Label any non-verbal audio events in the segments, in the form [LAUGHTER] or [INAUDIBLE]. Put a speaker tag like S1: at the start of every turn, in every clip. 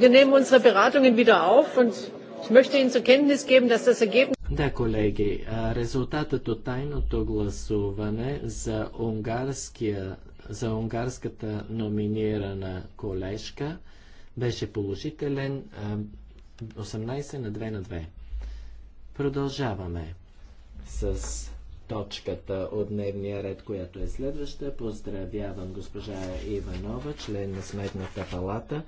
S1: Wir nehmen unsere Beratungen wieder auf und ich möchte Ihnen zur Kenntnis geben, dass das Ergebnis.
S2: Да, колеги, резултатът от тайното гласуване за, унгарския, за унгарската номинирана колежка беше положителен 18 на 2 на 2. Продължаваме с точката от дневния ред, която е следваща. Поздравявам госпожа Иванова, член на Сметната палата.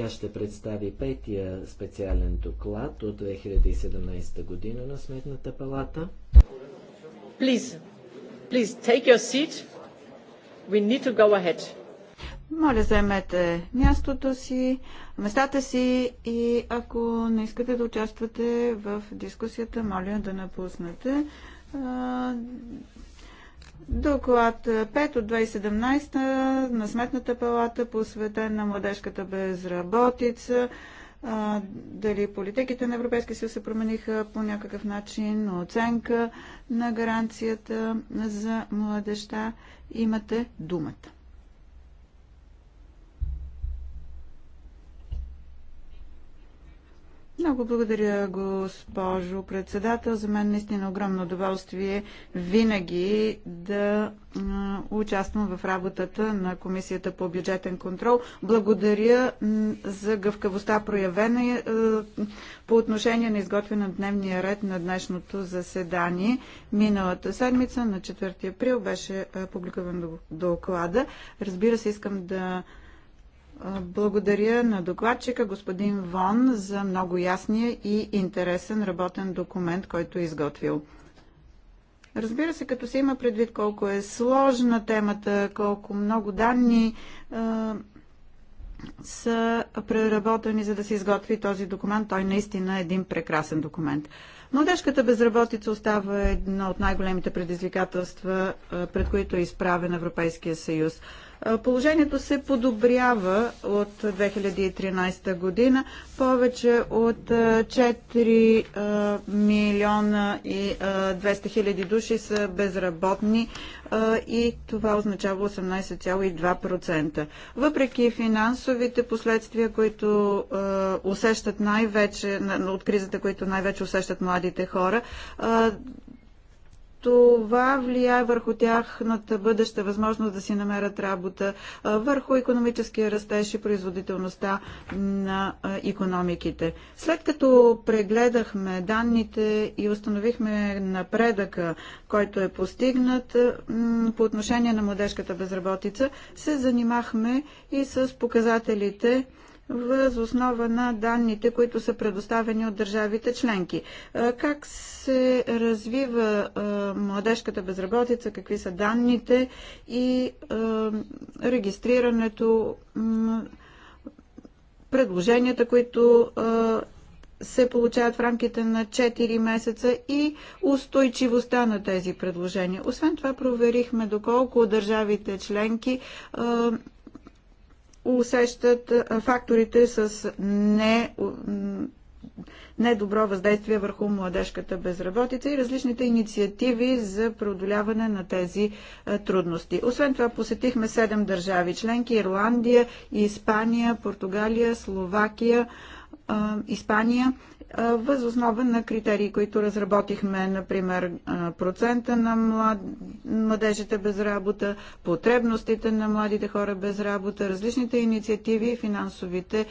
S2: Тя ще представи петия специален доклад от 2017 година на Сметната палата. Please, please take your seat. We need to go ahead.
S1: Моля, заемете мястото си, местата си и ако не искате да участвате в дискусията, моля да напуснете. Доклад 5 е, от 2017 на Сметната палата, посветен на младежката безработица. Е, дали политиките на Европейския съюз се промениха по някакъв начин, оценка на гаранцията за младеща. Имате думата. Много благодаря, госпожо председател. За мен наистина огромно удоволствие винаги да участвам в работата на Комисията по бюджетен контрол. Благодаря за гъвкавостта проявена е, по отношение на изготвяне на дневния ред на днешното заседание. Миналата седмица, на 4 април, беше е, публикуван доклада. Разбира се, искам да благодаря на докладчика господин Вон за много ясния и интересен работен документ, който е изготвил. Разбира се, като се има предвид колко е сложна темата, колко много данни а, са преработени, за да се изготви този документ, той наистина е един прекрасен документ. Младежката безработица остава едно от най-големите предизвикателства, пред които е изправен Европейския съюз. Положението се подобрява от 2013 година. Повече от 4 милиона и 200 хиляди души са безработни и това означава 18,2%. Въпреки финансовите последствия, които усещат най-вече от кризата, които най-вече усещат младите хора, това влияе върху тяхната бъдеща възможност да си намерят работа, върху економическия растеж и производителността на економиките. След като прегледахме данните и установихме напредъка, който е постигнат по отношение на младежката безработица, се занимахме и с показателите въз основа на данните, които са предоставени от държавите членки. Как се развива младежката безработица, какви са данните и регистрирането, предложенията, които се получават в рамките на 4 месеца и устойчивостта на тези предложения. Освен това проверихме доколко държавите членки усещат факторите с не, недобро въздействие върху младежката безработица и различните инициативи за преодоляване на тези трудности. Освен това посетихме седем държави членки Ирландия, Испания, Португалия, Словакия, Испания възоснова на критерии, които разработихме, например процента на млад... младежите без работа, потребностите на младите хора без работа, различните инициативи и финансовите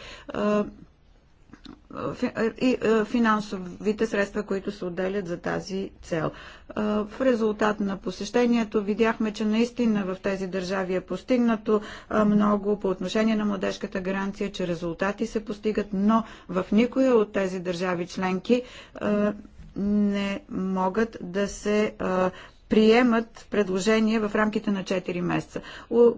S1: и финансовите средства, които се отделят за тази цел. В резултат на посещението видяхме, че наистина в тези държави е постигнато много по отношение на младежката гаранция, че резултати се постигат, но в никоя от тези държави членки не могат да се приемат предложение в рамките на 4 месеца.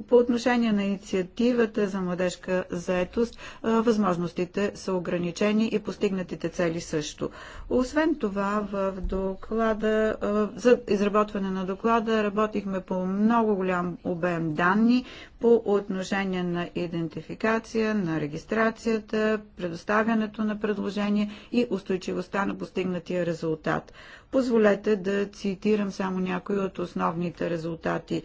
S1: По отношение на инициативата за младежка заетост, възможностите са ограничени и постигнатите цели също. Освен това, в доклада, за изработване на доклада работихме по много голям обем данни, по отношение на идентификация, на регистрацията, предоставянето на предложение и устойчивостта на постигнатия резултат. Позволете да цитирам само някои от основните резултати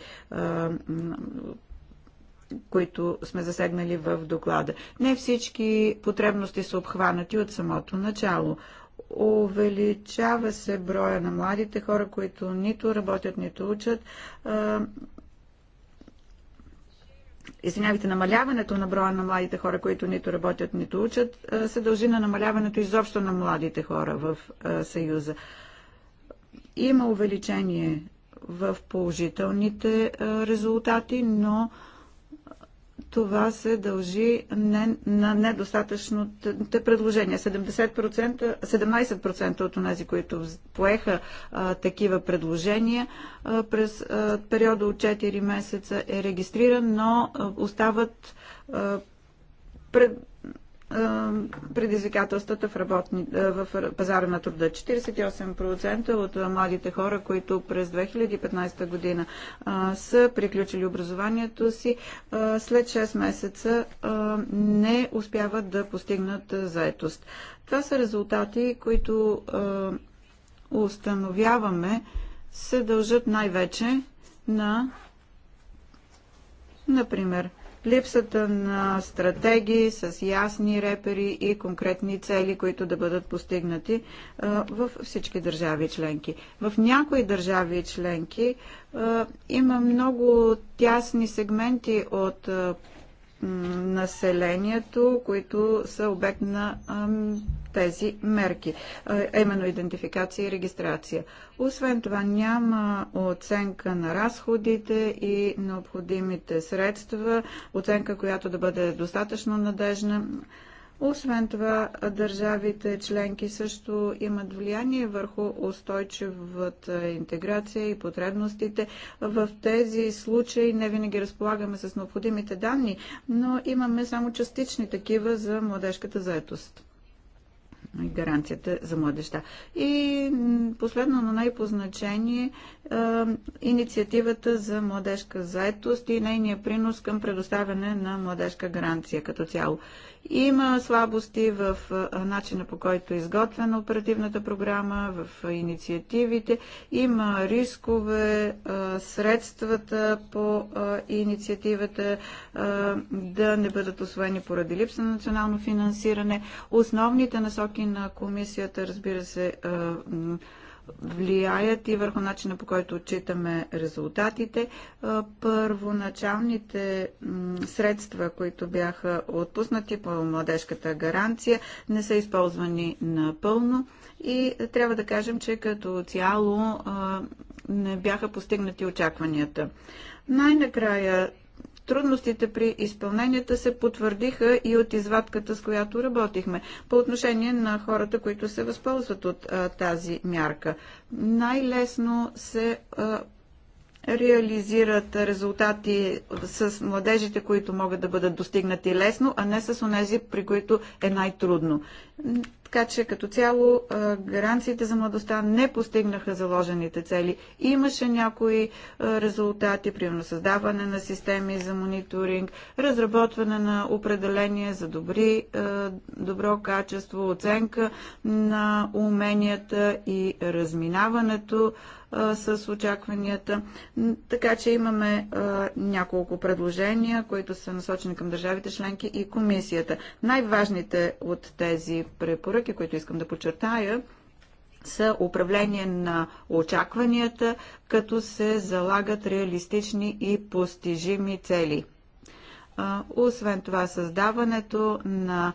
S1: които сме засегнали в доклада. Не всички потребности са обхванати от самото начало. Увеличава се броя на младите хора, които нито работят, нито учат извинявайте, намаляването на броя на младите хора, които нито работят, нито учат, се дължи на намаляването изобщо на младите хора в Съюза. Има увеличение в положителните резултати, но това се дължи не, на недостатъчните предложения. 70%, 17% от тези, които поеха а, такива предложения а, през а, периода от 4 месеца е регистриран, но остават пред предизвикателствата в, работни, в пазара на труда. 48% от младите хора, които през 2015 година са приключили образованието си, след 6 месеца не успяват да постигнат заетост. Това са резултати, които установяваме се дължат най-вече на, например, липсата на стратегии с ясни репери и конкретни цели, които да бъдат постигнати в всички държави членки. В някои държави членки има много тясни сегменти от населението, които са обект на тези мерки, именно идентификация и регистрация. Освен това няма оценка на разходите и необходимите средства, оценка, която да бъде достатъчно надежна освен това, държавите членки също имат влияние върху устойчивата интеграция и потребностите. В тези случаи не винаги разполагаме с необходимите данни, но имаме само частични такива за младежката заетост и гаранцията за младеща. И последно, но най-позначение, е, инициативата за младежка заетост и нейния принос към предоставяне на младежка гаранция като цяло. Има слабости в начина по който е изготвена оперативната програма, в инициативите. Има рискове, средствата по инициативата да не бъдат освоени поради липса на национално финансиране. Основните насоки на комисията, разбира се, влияят и върху начина по който отчитаме резултатите. Първоначалните средства, които бяха отпуснати по младежката гаранция, не са използвани напълно и трябва да кажем, че като цяло не бяха постигнати очакванията. Най-накрая Трудностите при изпълненията се потвърдиха и от извадката, с която работихме, по отношение на хората, които се възползват от а, тази мярка. Най-лесно се а, реализират резултати с младежите, които могат да бъдат достигнати лесно, а не с онези, при които е най-трудно. Така че като цяло гаранциите за младостта не постигнаха заложените цели. Имаше някои резултати, примерно създаване на системи за мониторинг, разработване на определения за добри, добро качество, оценка на уменията и разминаването с очакванията. Така че имаме няколко предложения, които са насочени към държавите членки и комисията. Най-важните от тези препоръки, които искам да подчертая, са управление на очакванията, като се залагат реалистични и постижими цели. Освен това, създаването на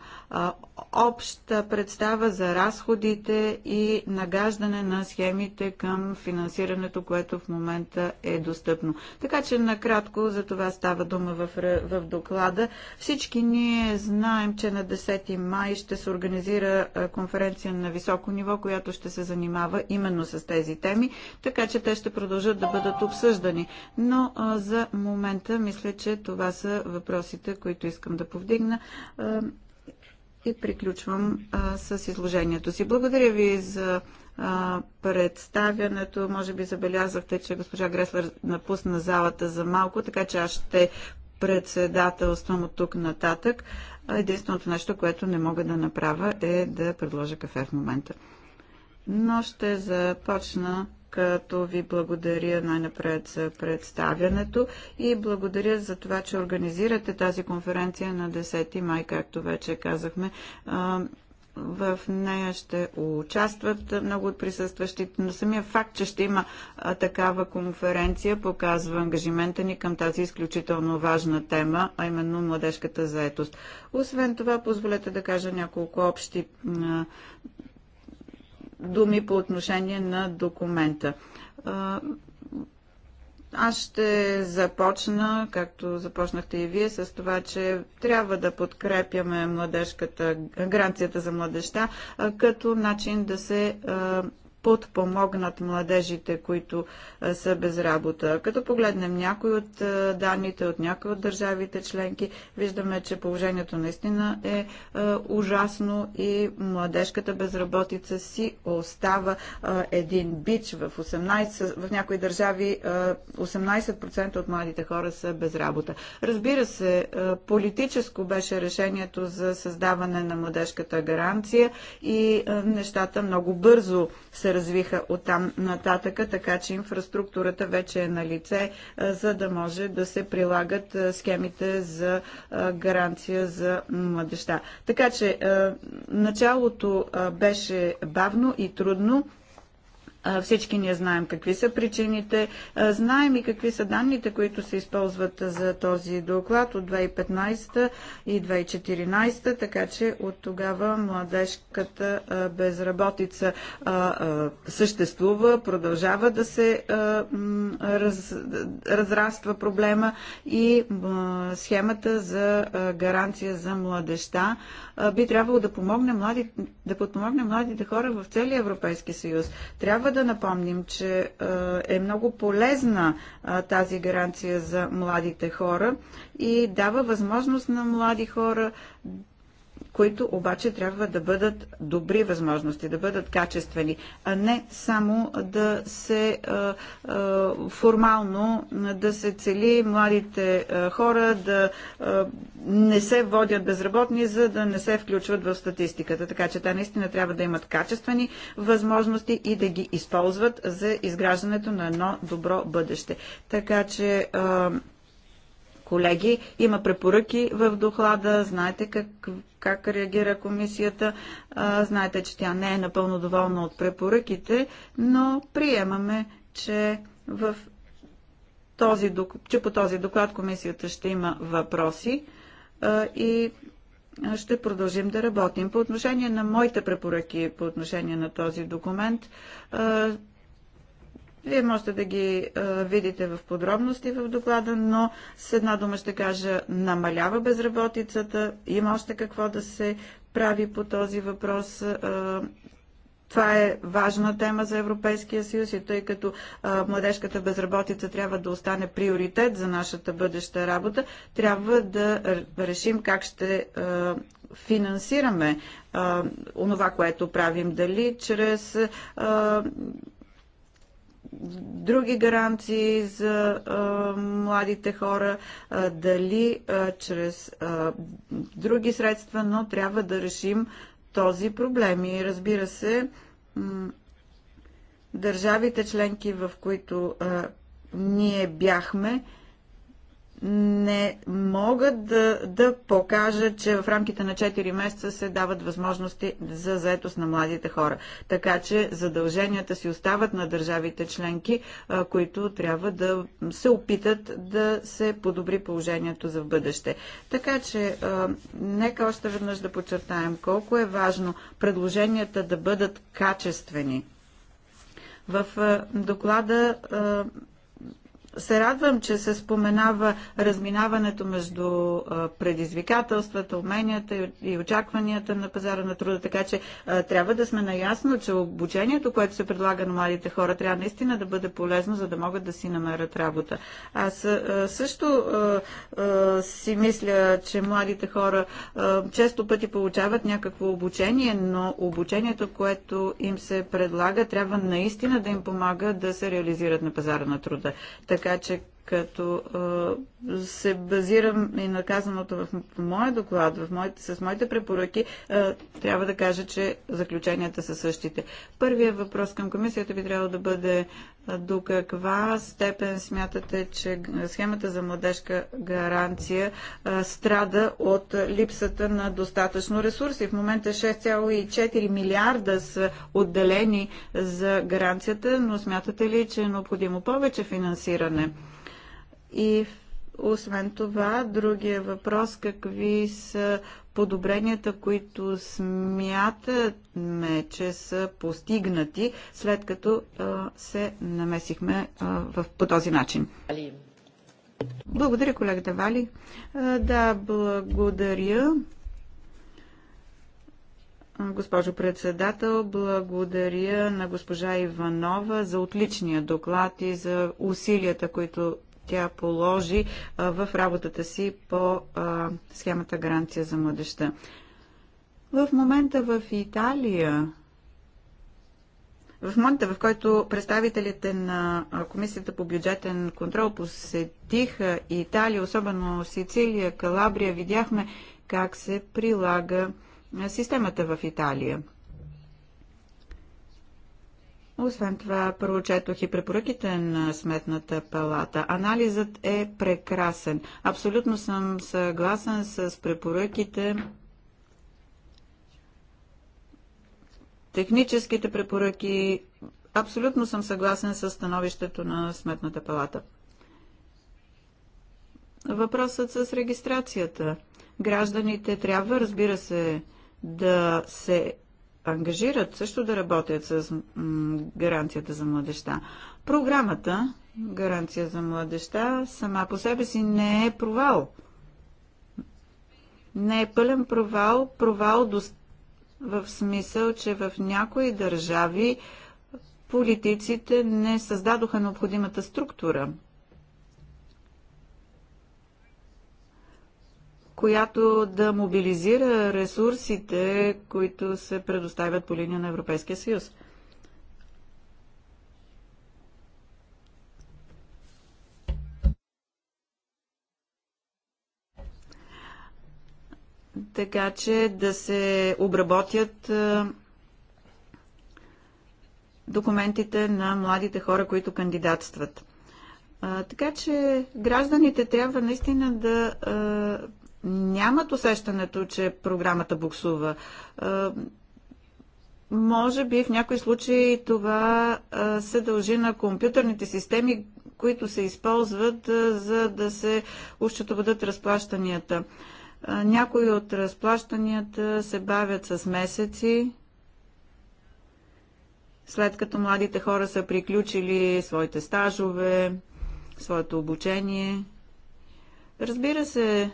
S1: обща представа за разходите и нагаждане на схемите към финансирането, което в момента е достъпно. Така че накратко за това става дума в, в доклада. Всички ние знаем, че на 10 май ще се организира конференция на високо ниво, която ще се занимава именно с тези теми, така че те ще продължат да бъдат обсъждани. Но а, за момента мисля, че това са въпросите, които искам да повдигна и приключвам а, с изложението си. Благодаря ви за а, представянето. Може би забелязахте, че госпожа Греслер напусна залата за малко, така че аз ще председателствам от тук нататък. Единственото нещо, което не мога да направя е да предложа кафе в момента. Но ще започна като ви благодаря най-напред за представянето и благодаря за това, че организирате тази конференция на 10 май, както вече казахме. В нея ще участват много от присъстващите, но самия факт, че ще има такава конференция, показва ангажимента ни към тази изключително важна тема, а именно младежката заетост. Освен това, позволете да кажа няколко общи думи по отношение на документа. Аз ще започна, както започнахте и вие, с това, че трябва да подкрепяме младежката, гаранцията за младеща, като начин да се подпомогнат младежите, които са без работа. Като погледнем някои от данните от някои от държавите членки, виждаме, че положението наистина е ужасно и младежката безработица си остава един бич. В, 18, в някои държави 18% от младите хора са без работа. Разбира се, политическо беше решението за създаване на младежката гаранция и нещата много бързо се се развиха от там нататъка, така че инфраструктурата вече е на лице, за да може да се прилагат схемите за гаранция за младеща. Така че началото беше бавно и трудно, всички ние знаем какви са причините, знаем и какви са данните, които се използват за този доклад от 2015 и 2014, така че от тогава младежката безработица съществува, продължава да се раз, разраства проблема и схемата за гаранция за младеща би трябвало да, помогне млади, да подпомогне младите хора в целия Европейски съюз. Трябва трябва да напомним, че е, е много полезна е, тази гаранция за младите хора и дава възможност на млади хора които обаче трябва да бъдат добри възможности, да бъдат качествени, а не само да се формално да се цели младите хора да не се водят безработни, за да не се включват в статистиката. Така че те наистина трябва да имат качествени възможности и да ги използват за изграждането на едно добро бъдеще. Така че колеги. Има препоръки в доклада, знаете как, как реагира комисията, а, знаете, че тя не е напълно доволна от препоръките, но приемаме, че в този, че по този доклад комисията ще има въпроси а, и ще продължим да работим. По отношение на моите препоръки, по отношение на този документ, вие можете да ги а, видите в подробности в доклада, но с една дума ще кажа, намалява безработицата, има още какво да се прави по този въпрос. А, това е важна тема за Европейския съюз и тъй като а, младежката безработица трябва да остане приоритет за нашата бъдеща работа, трябва да решим как ще а, финансираме а, онова, което правим. Дали чрез а, други гаранции за а, младите хора, а, дали а, чрез а, други средства, но трябва да решим този проблем. И разбира се, държавите членки, в които а, ние бяхме, не могат да, да покажат, че в рамките на 4 месеца се дават възможности за заетост на младите хора. Така че задълженията си остават на държавите членки, които трябва да се опитат да се подобри положението за в бъдеще. Така че нека още веднъж да подчертаем колко е важно предложенията да бъдат качествени. В доклада се радвам, че се споменава разминаването между предизвикателствата, уменията и очакванията на пазара на труда, така че трябва да сме наясно, че обучението, което се предлага на младите хора, трябва наистина да бъде полезно, за да могат да си намерят работа. Аз също си мисля, че младите хора често пъти получават някакво обучение, но обучението, което им се предлага, трябва наистина да им помага да се реализират на пазара на труда така че като а, се базирам и наказаното в моя доклад, в моите, с моите препоръки, а, трябва да кажа, че заключенията са същите. Първият въпрос към комисията би трябвало да бъде а, до каква степен смятате, че схемата за младежка гаранция а, страда от липсата на достатъчно ресурси. В момента 6,4 милиарда са отделени за гаранцията, но смятате ли, че е необходимо повече финансиране? И освен това, другия въпрос, какви са подобренията, които смятаме, че са постигнати, след като а, се намесихме а, в, по този начин. Благодаря, колегата Вали. А, да, благодаря. Госпожо председател, благодаря на госпожа Иванова за отличния доклад и за усилията, които тя положи в работата си по схемата гаранция за младеща. В момента в Италия в момента, в който представителите на Комисията по бюджетен контрол посетиха Италия, особено Сицилия, Калабрия, видяхме как се прилага системата в Италия. Освен това, първо четох и препоръките на Сметната палата. Анализът е прекрасен. Абсолютно съм съгласен с препоръките. Техническите препоръки. Абсолютно съм съгласен с становището на Сметната палата. Въпросът с регистрацията. Гражданите трябва, разбира се, да се ангажират също да работят с гаранцията за младеща. Програмата Гаранция за младеща сама по себе си не е провал. Не е пълен провал, провал до... в смисъл, че в някои държави политиците не създадоха необходимата структура която да мобилизира ресурсите, които се предоставят по линия на Европейския съюз. Така че да се обработят документите на младите хора, които кандидатстват. така че гражданите трябва наистина да нямат усещането, че програмата буксува. Е, може би в някои случаи това е, се дължи на компютърните системи, които се използват е, за да се ущетоводят разплащанията. Някои от разплащанията се бавят с месеци, след като младите хора са приключили своите стажове, своето обучение. Разбира се,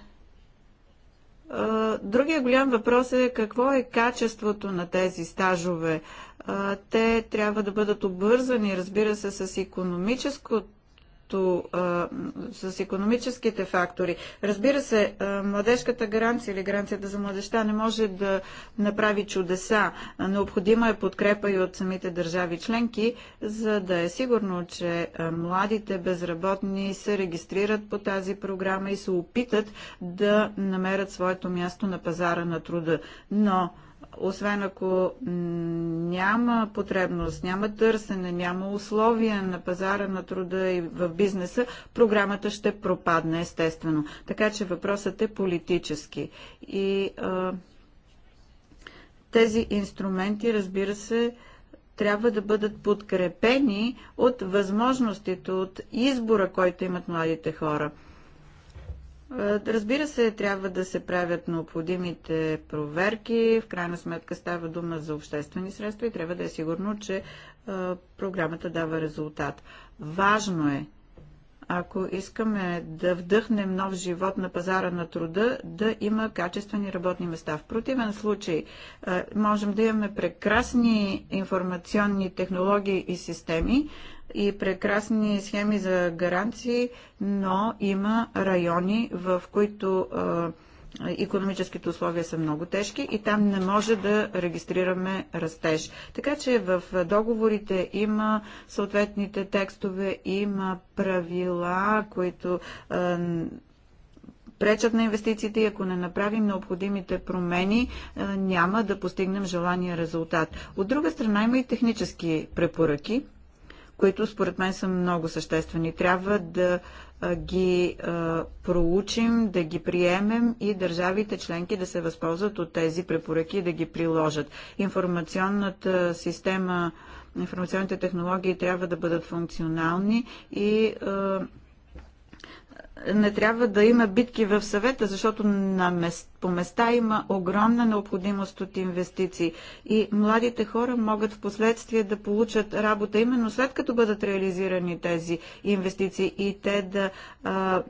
S1: Другия голям въпрос е какво е качеството на тези стажове. Те трябва да бъдат обвързани, разбира се, с економическото като а, с економическите фактори. Разбира се, а, младежката гаранция или гаранцията за младеща не може да направи чудеса. Необходима е подкрепа и от самите държави членки, за да е сигурно, че а, младите безработни се регистрират по тази програма и се опитат да намерят своето място на пазара на труда. Но освен ако няма потребност, няма търсене, няма условия на пазара на труда и в бизнеса, програмата ще пропадне естествено. Така че въпросът е политически. И а, тези инструменти, разбира се, трябва да бъдат подкрепени от възможностите, от избора, който имат младите хора – е, разбира се, трябва да се правят необходимите проверки. В крайна сметка става дума за обществени средства и трябва да е сигурно, че е, програмата дава резултат. Важно е ако искаме да вдъхнем нов живот на пазара на труда, да има качествени работни места. В противен случай можем да имаме прекрасни информационни технологии и системи и прекрасни схеми за гаранции, но има райони, в които економическите условия са много тежки и там не може да регистрираме растеж. Така че в договорите има съответните текстове, има правила, които пречат на инвестициите и ако не направим необходимите промени, няма да постигнем желания резултат. От друга страна има и технически препоръки, които според мен са много съществени. Трябва да ги проучим, да ги приемем и държавите членки да се възползват от тези препоръки и да ги приложат. Информационната система, информационните технологии трябва да бъдат функционални и не трябва да има битки в съвета, защото на мест, по места има огромна необходимост от инвестиции и младите хора могат в последствие да получат работа именно след като бъдат реализирани тези инвестиции и те да а,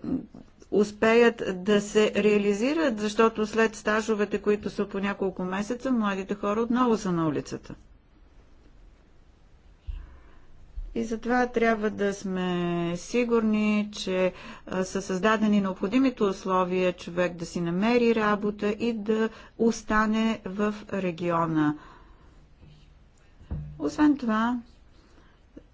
S1: успеят да се реализират, защото след стажовете, които са по няколко месеца, младите хора отново са на улицата. И затова трябва да сме сигурни, че са създадени необходимите условия човек да си намери работа и да остане в региона. Освен това,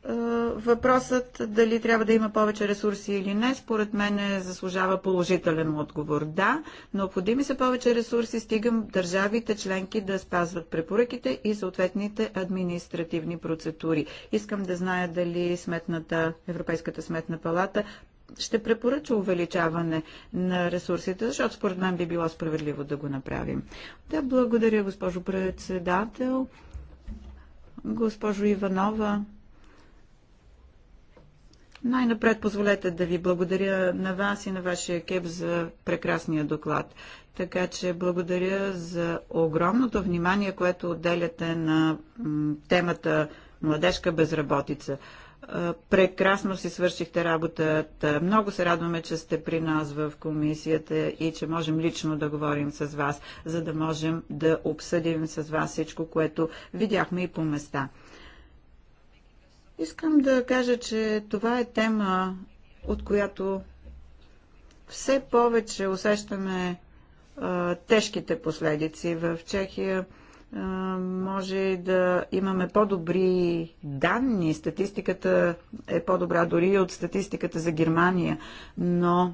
S1: е, въпросът дали трябва да има повече ресурси или не, според мен заслужава положителен отговор. Да, необходими са повече ресурси, стигам държавите членки да спазват препоръките и съответните административни процедури. Искам да зная дали сметната, Европейската сметна палата ще препоръча увеличаване на ресурсите, защото според мен би било справедливо да го направим. Да, благодаря, госпожо председател. Госпожо Иванова. Най-напред позволете да ви благодаря на вас и на вашия екип за прекрасния доклад. Така че благодаря за огромното внимание, което отделяте на темата младежка безработица. Прекрасно си свършихте работата. Много се радваме, че сте при нас в комисията и че можем лично да говорим с вас, за да можем да обсъдим с вас всичко, което видяхме и по места. Искам да кажа, че това е тема, от която все повече усещаме а, тежките последици. В Чехия а, може да имаме по-добри данни, статистиката е по-добра дори от статистиката за Германия, но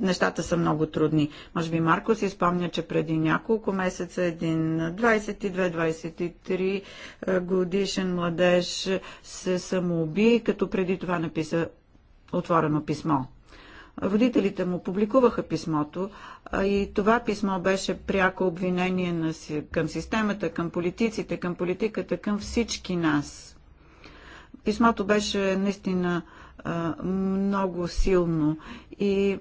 S1: нещата са много трудни. Може би Марко си спомня, че преди няколко месеца един 22-23 годишен младеж се самоуби, като преди това написа отворено писмо. Водителите му публикуваха писмото и това писмо беше пряко обвинение на, към системата, към политиците, към политиката, към всички нас. Писмото беше наистина много силно и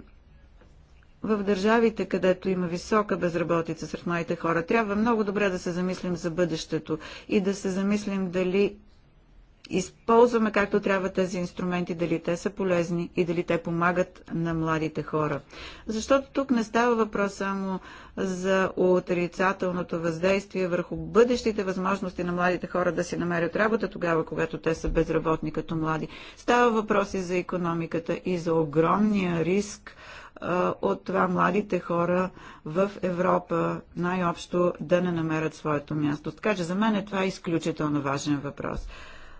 S1: в държавите, където има висока безработица сред младите хора, трябва много добре да се замислим за бъдещето и да се замислим дали използваме както трябва тези инструменти, дали те са полезни и дали те помагат на младите хора. Защото тук не става въпрос само за отрицателното въздействие върху бъдещите възможности на младите хора да си намерят работа тогава, когато те са безработни като млади. Става въпрос и за економиката и за огромния риск от това младите хора в Европа най-общо да не намерят своето място. Така че за мен е това изключително важен въпрос.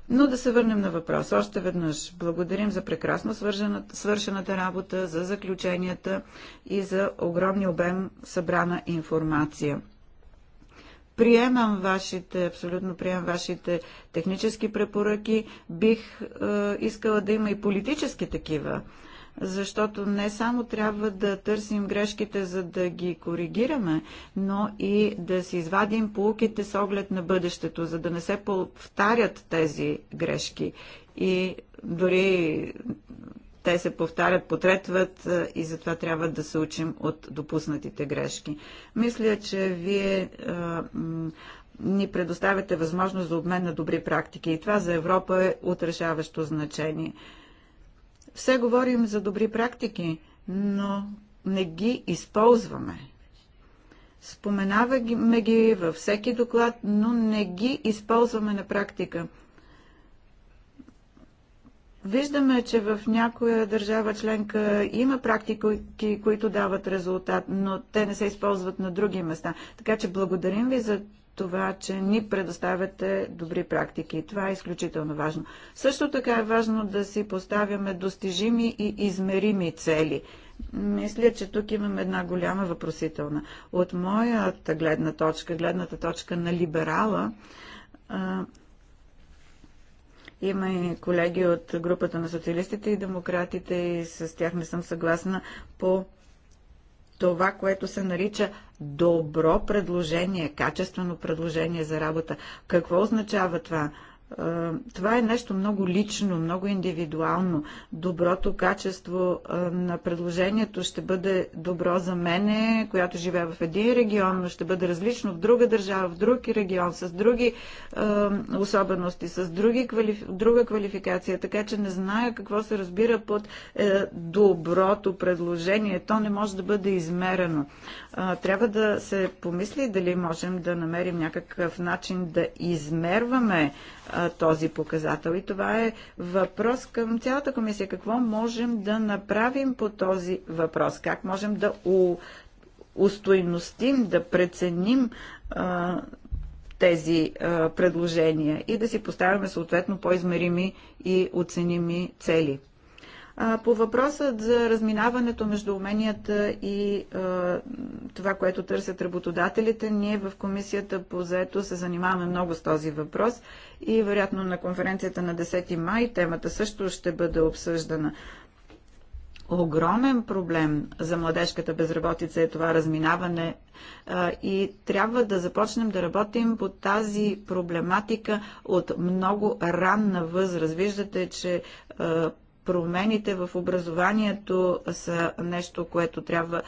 S1: Но да се върнем на въпрос. Още веднъж благодарим за прекрасно свършената работа, за заключенията и за огромния обем събрана информация. Приемам вашите, абсолютно приемам вашите технически препоръки. Бих е, искала да има и политически такива защото не само трябва да търсим грешките, за да ги коригираме, но и да си извадим полуките с оглед на бъдещето, за да не се повтарят тези грешки. И дори те се повтарят, потретват е, и затова трябва да се учим от допуснатите грешки. Мисля, че вие е, ни предоставяте възможност за обмен на добри практики и това за Европа е отрешаващо значение. Все говорим за добри практики, но не ги използваме. Споменаваме ги във всеки доклад, но не ги използваме на практика. Виждаме, че в някоя държава членка има практики, които дават резултат, но те не се използват на други места. Така че благодарим ви за това, че ни предоставяте добри практики. Това е изключително важно. Също така е важно да си поставяме достижими и измерими цели. Мисля, че тук имам една голяма въпросителна. От моята гледна точка, гледната точка на либерала, има и колеги от групата на социалистите и демократите и с тях не съм съгласна по това, което се нарича добро предложение, качествено предложение за работа. Какво означава това? това е нещо много лично, много индивидуално. Доброто качество на предложението ще бъде добро за мене, която живее в един регион, но ще бъде различно в друга държава, в друг регион, с други особености, с други друга квалификация. Така че не зная какво се разбира под е, доброто предложение. То не може да бъде измерено. трябва да се помисли дали можем да намерим някакъв начин да измерваме а, този показател. И това е въпрос към цялата комисия. Какво можем да направим по този въпрос? Как можем да у, устойностим, да преценим а, тези а, предложения и да си поставяме съответно по-измерими и оценими цели? По въпросът за разминаването между уменията и това, което търсят работодателите, ние в Комисията по заето се занимаваме много с този въпрос и вероятно на конференцията на 10 май темата също ще бъде обсъждана. Огромен проблем за младежката безработица е това разминаване и трябва да започнем да работим по тази проблематика от много ранна възраст. Виждате, че промените в образованието са нещо, което трябва,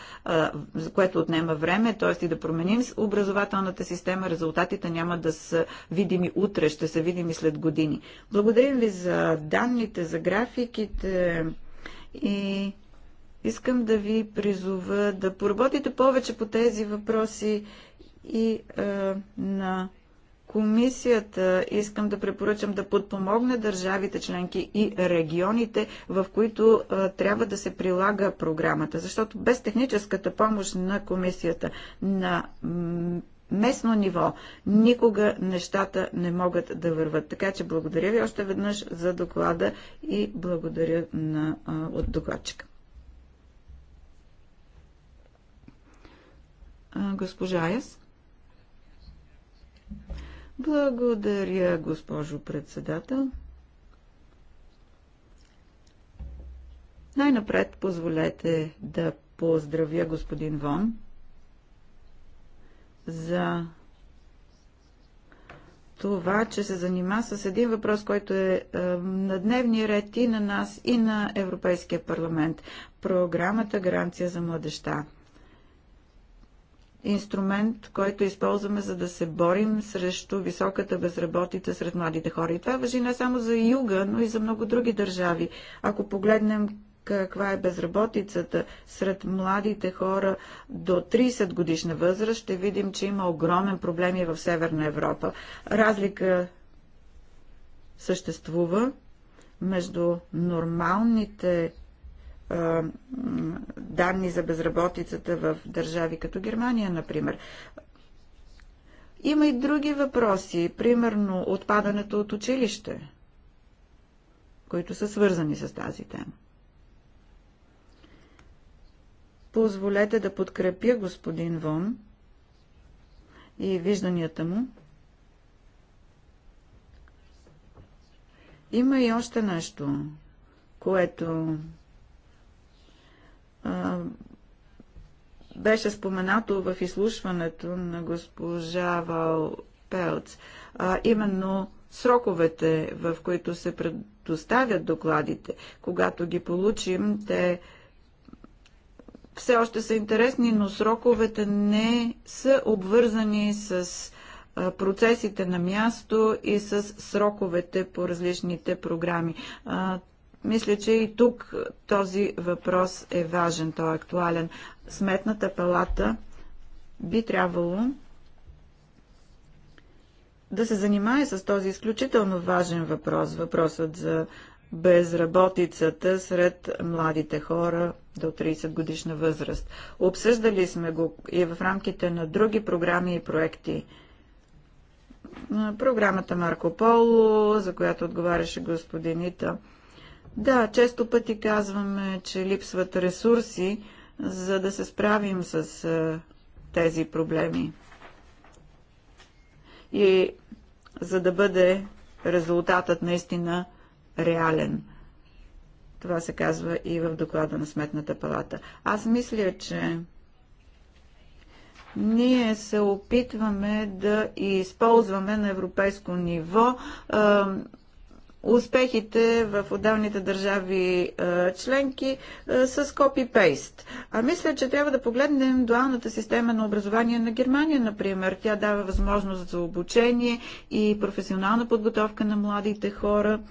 S1: което отнема време, т.е. и да променим образователната система, резултатите няма да са видими утре, ще са видими след години. Благодарим ви за данните, за графиките и искам да ви призова да поработите повече по тези въпроси и а, на Комисията искам да препоръчам да подпомогне държавите членки и регионите, в които а, трябва да се прилага програмата, защото без техническата помощ на комисията на местно ниво никога нещата не могат да върват. Така че благодаря ви още веднъж за доклада и благодаря на, а, от докладчика. А, госпожа Аяс, благодаря, госпожо председател. Най-напред позволете да поздравя господин Вон за това, че се занима с един въпрос, който е, е на дневния ред и на нас, и на Европейския парламент. Програмата Гаранция за младеща инструмент, който използваме за да се борим срещу високата безработица сред младите хора. И това въжи не само за юга, но и за много други държави. Ако погледнем каква е безработицата сред младите хора до 30 годишна възраст, ще видим, че има огромен проблем и в Северна Европа. Разлика съществува между нормалните данни за безработицата в държави като Германия, например. Има и други въпроси, примерно отпадането от училище, които са свързани с тази тема. Позволете да подкрепя господин Вон и вижданията му. Има и още нещо, което беше споменато в изслушването на госпожа Вал Пелц, а, именно сроковете, в които се предоставят докладите. Когато ги получим, те все още са интересни, но сроковете не са обвързани с процесите на място и с сроковете по различните програми. Мисля, че и тук този въпрос е важен, той е актуален. Сметната палата би трябвало да се занимае с този изключително важен въпрос, въпросът за безработицата сред младите хора до 30 годишна възраст. Обсъждали сме го и в рамките на други програми и проекти. Програмата Марко Поло, за която отговаряше господинита, да, често пъти казваме, че липсват ресурси, за да се справим с тези проблеми. И за да бъде резултатът наистина реален. Това се казва и в доклада на Сметната палата. Аз мисля, че ние се опитваме да използваме на европейско ниво успехите в отделните държави членки с копи-пейст. А мисля, че трябва да погледнем дуалната система на образование на Германия, например. Тя дава възможност за обучение и професионална подготовка на младите хора –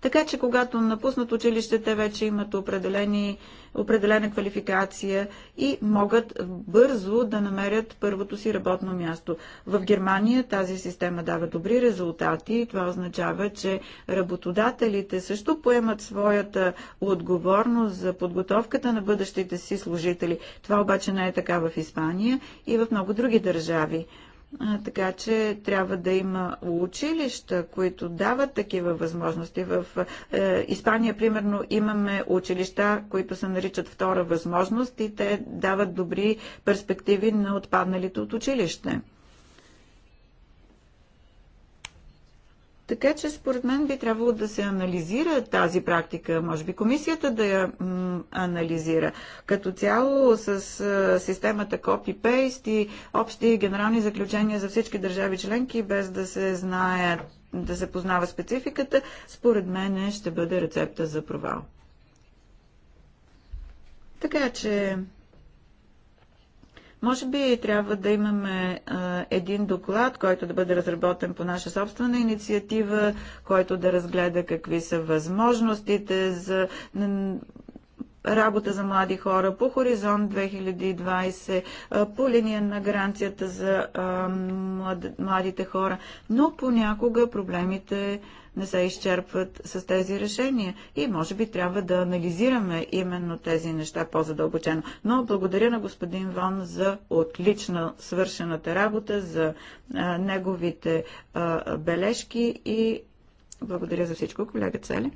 S1: така че, когато напуснат училище, те вече имат определени, определена квалификация и могат бързо да намерят първото си работно място. В Германия тази система дава добри резултати и това означава, че работодателите също поемат своята отговорност за подготовката на бъдещите си служители. Това обаче не е така в Испания и в много други държави. Така че трябва да има училища, които дават такива възможности. В е, Испания, примерно, имаме училища, които се наричат втора възможност и те дават добри перспективи на отпадналите от училище. Така че според мен би трябвало да се анализира тази практика, може би комисията да я анализира. Като цяло с а, системата copy-paste и общи генерални заключения за всички държави членки, без да се знае, да се познава спецификата, според мен ще бъде рецепта за провал. Така че може би трябва да имаме а, един доклад, който да бъде разработен по наша собствена инициатива, който да разгледа какви са възможностите за работа за млади хора по Хоризонт 2020, по линия на гаранцията за младите хора, но понякога проблемите не се изчерпват с тези решения. И може би трябва да анализираме именно тези неща по-задълбочено. Но благодаря на господин Вон за отлично свършената работа, за а, неговите а, бележки и благодаря за всичко, колега Цели.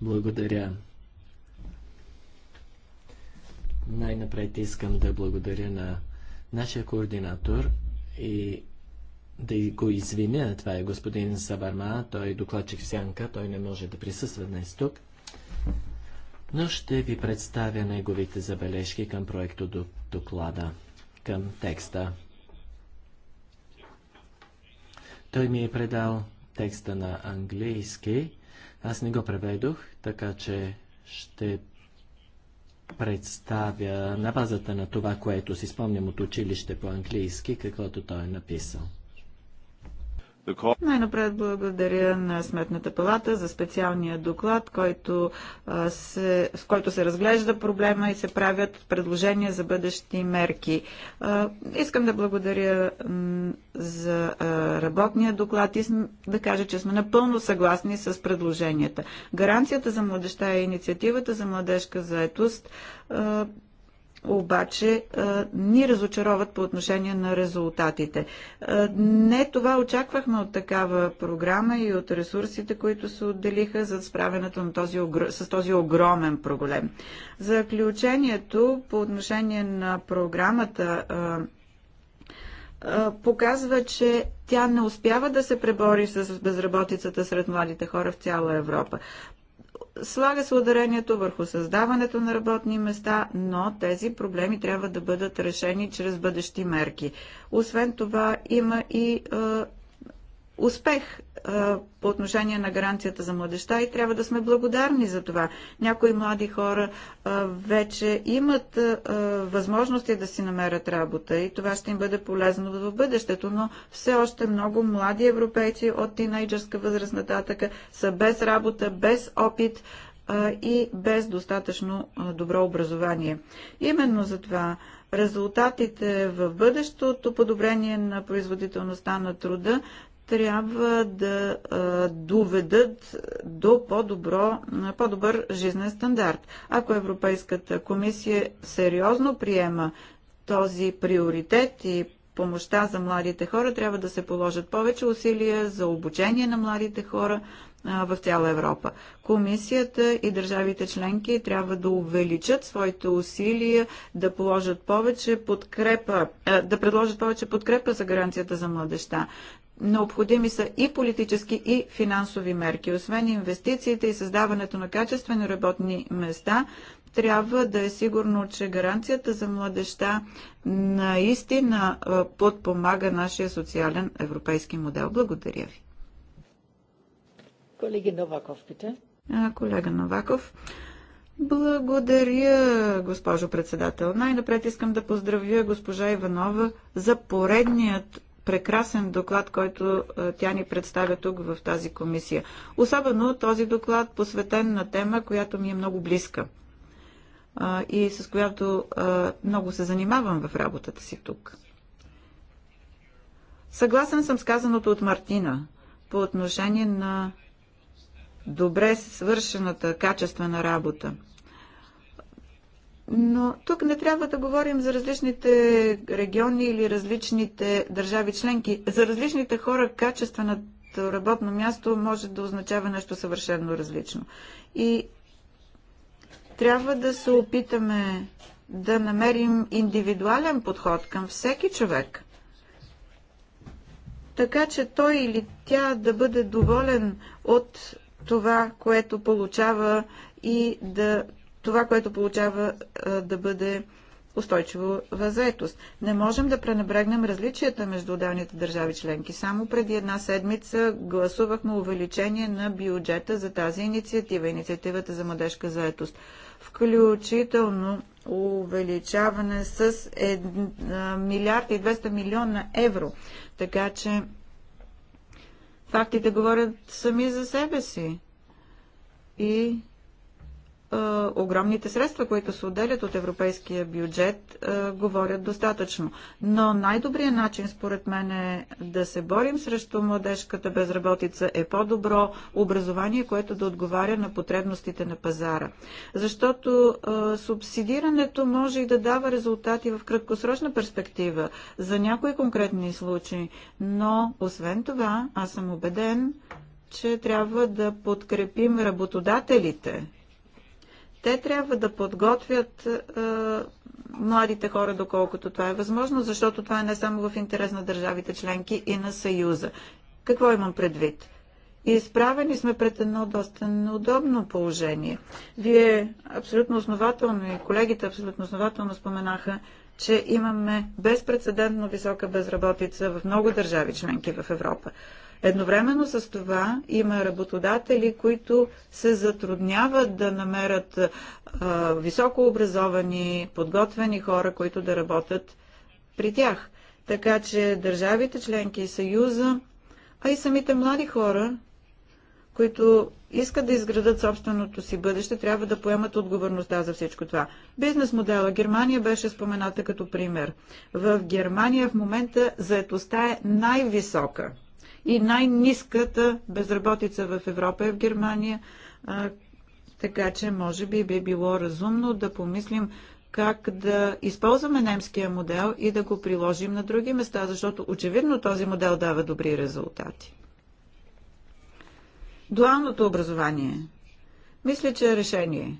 S2: Благодаря. Най-напред искам да благодаря на нашия координатор и да го извиня. Това е господин Сабарма. Той е докладчик в Сянка. Той не може да присъства днес тук. Но ще ви представя неговите забележки към проекто до доклада, към текста. Той ми е предал текста на английски. Аз не го преведох, така че ще представя на базата на това, което си спомням от училище по английски, каквото той е написал.
S1: Най-напред благодаря на Сметната палата за специалния доклад, който се, в който се разглежда проблема и се правят предложения за бъдещи мерки. Искам да благодаря за работния доклад и да кажа, че сме напълно съгласни с предложенията. Гаранцията за младеща и е инициативата за младежка заетост обаче ни разочароват по отношение на резултатите. Не това очаквахме от такава програма и от ресурсите, които се отделиха за справянето на този, с този огромен проблем. Заключението по отношение на програмата показва, че тя не успява да се пребори с безработицата сред младите хора в цяла Европа. Слага се ударението върху създаването на работни места, но тези проблеми трябва да бъдат решени чрез бъдещи мерки. Освен това има и е, успех по отношение на гаранцията за младеща и трябва да сме благодарни за това. Някои млади хора вече имат възможности да си намерят работа и това ще им бъде полезно в бъдещето, но все още много млади европейци от тинейджерска възраст нататъка са без работа, без опит и без достатъчно добро образование. Именно за това резултатите в бъдещото подобрение на производителността на труда трябва да доведат до по-добро, по-добър жизнен стандарт. Ако Европейската комисия сериозно приема този приоритет и помощта за младите хора, трябва да се положат повече усилия за обучение на младите хора в цяла Европа. Комисията и държавите членки трябва да увеличат своите усилия да положат повече подкрепа, да предложат повече подкрепа за гаранцията за младеща. Необходими са и политически, и финансови мерки. Освен инвестициите и създаването на качествени работни места, трябва да е сигурно, че гаранцията за младеща наистина подпомага нашия социален европейски модел. Благодаря ви. Колеги Новаков, пите. Колега Новаков. Благодаря, госпожо председател. Най-напред искам да поздравя госпожа Иванова за поредният прекрасен доклад, който е, тя ни представя тук в тази комисия. Особено този доклад посветен на тема, която ми е много близка е, и с която е, много се занимавам в работата си тук. Съгласен съм с казаното от Мартина по отношение на добре свършената качествена работа – но тук не трябва да говорим за различните региони или различните държави членки. За различните хора качественото работно място може да означава нещо съвършено различно. И трябва да се опитаме да намерим индивидуален подход към всеки човек. Така че той или тя да бъде доволен от това, което получава и да това, което получава да бъде устойчиво възетост. Не можем да пренебрегнем различията между отделните държави членки. Само преди една седмица гласувахме увеличение на бюджета за тази инициатива, инициативата за младежка заетост. Включително увеличаване с 1 милиард и 200 милиона евро. Така че фактите говорят сами за себе си. И огромните средства, които се отделят от европейския бюджет, говорят достатъчно. Но най-добрият начин, според мен, е да се борим срещу младежката безработица е по-добро образование, което да отговаря на потребностите на пазара. Защото субсидирането може и да дава резултати в краткосрочна перспектива за някои конкретни случаи. Но, освен това, аз съм убеден, че трябва да подкрепим работодателите, те трябва да подготвят е, младите хора, доколкото това е възможно, защото това е не само в интерес на държавите членки и на Съюза. Какво имам предвид? Изправени сме пред едно доста неудобно положение. Вие абсолютно основателно и колегите абсолютно основателно споменаха, че имаме безпредседентно висока безработица в много държави членки в Европа. Едновременно с това има работодатели, които се затрудняват да намерят а, високообразовани, подготвени хора, които да работят при тях. Така че държавите, членки и Съюза, а и самите млади хора, които искат да изградат собственото си бъдеще, трябва да поемат отговорността за всичко това. Бизнес модела Германия беше спомената като пример. В Германия в момента заетостта е най-висока и най-низката безработица в Европа е в Германия. А, така че може би би било разумно да помислим как да използваме немския модел и да го приложим на други места, защото очевидно този модел дава добри резултати. Дуалното образование. Мисля, че е решение.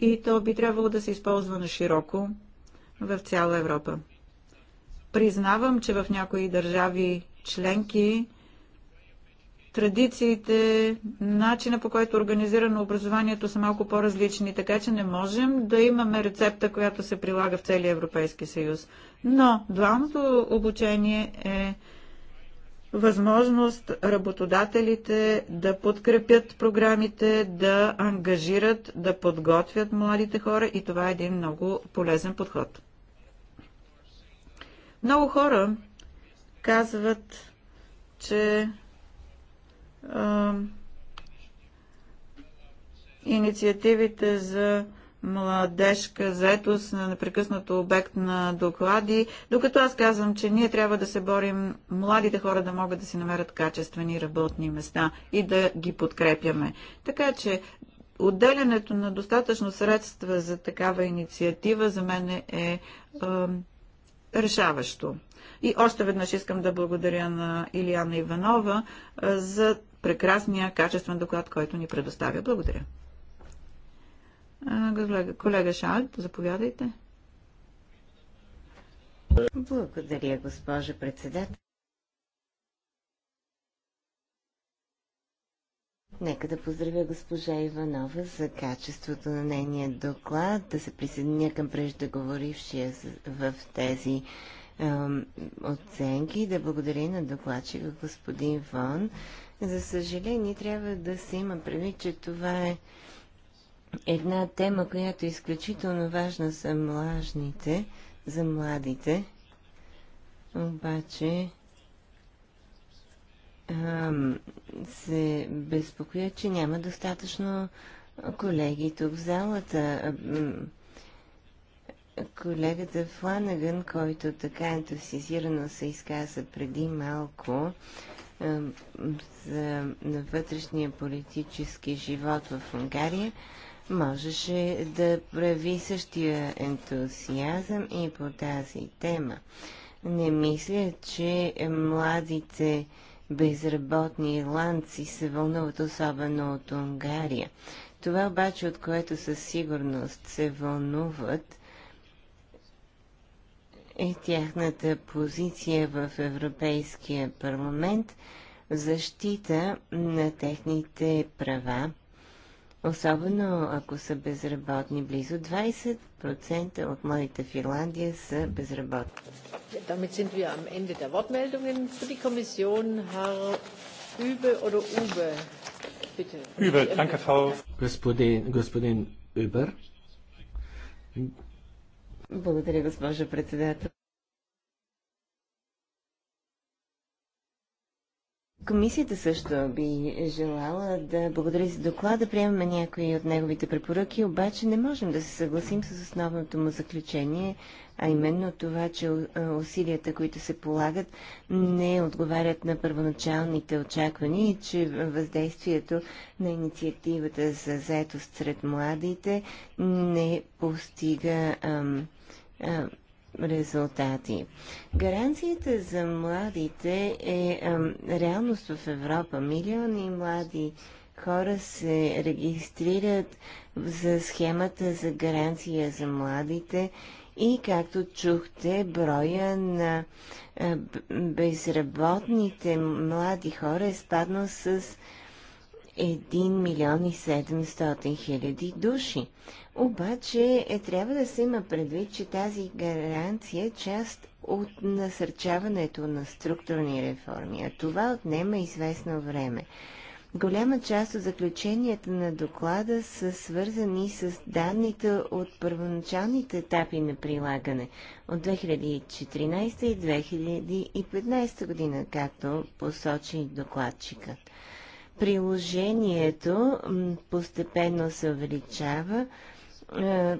S1: И то би трябвало да се използва на широко в цяла Европа. Признавам, че в някои държави членки, традициите, начина по който е организирано образованието са малко по-различни, така че не можем да имаме рецепта, която се прилага в целия Европейски съюз. Но дуалното обучение е възможност работодателите да подкрепят програмите, да ангажират, да подготвят младите хора и това е един много полезен подход. Много хора казват, че а, инициативите за младежка заетост на непрекъснато обект на доклади, докато аз казвам, че ние трябва да се борим младите хора да могат да си намерят качествени работни места и да ги подкрепяме. Така че отделянето на достатъчно средства за такава инициатива за мен е, е решаващо. И още веднъж искам да благодаря на Илиана Иванова за прекрасния качествен доклад, който ни предоставя. Благодаря. Колега Шалт, заповядайте. Благодаря,
S3: госпожа председател. Нека да поздравя госпожа Иванова за качеството на нейния доклад, да се присъединя към преждеговорившия в тези оценки, да благодаря на докладчика господин Вон. За съжаление, трябва да се има предвид, че това е една тема, която е изключително важна за млажните, за младите. Обаче ам, се безпокоя, че няма достатъчно колеги тук в залата. Ам, колегата Фланаган, който така ентусиазирано се изказа преди малко е, за вътрешния политически живот в Унгария, можеше да прави същия ентусиазъм и по тази тема. Не мисля, че младите безработни ирландци се вълнуват особено от Унгария. Това обаче, от което със сигурност се вълнуват, е тяхната позиция в Европейския парламент в защита на техните права, особено ако са безработни. Близо 20% от младите Финландия са безработни.
S2: Damit sind wir am Ende der Wortmeldungen. Für die Kommission Herr Übe oder bitte. Übe, danke Frau. Господин, господин
S3: благодаря, госпожа председател. Комисията също би желала да благодари за доклада, приемаме някои от неговите препоръки, обаче не можем да се съгласим с основното му заключение, а именно това, че усилията, които се полагат, не отговарят на първоначалните очаквания и че въздействието на инициативата за заетост сред младите не постига ам, е, резултати. Гаранцията за младите е, е реалност в Европа. Милиони млади хора се регистрират за схемата за гаранция за младите и, както чухте, броя на е, безработните млади хора е спаднал с 1 милион и 700 хиляди души. Обаче е, трябва да се има предвид, че тази гаранция е част от насърчаването на структурни реформи, а това отнема известно време. Голяма част от заключенията на доклада са свързани с данните от първоначалните етапи на прилагане от 2014 и 2015 година, както посочи докладчика приложението постепенно се увеличава. Е,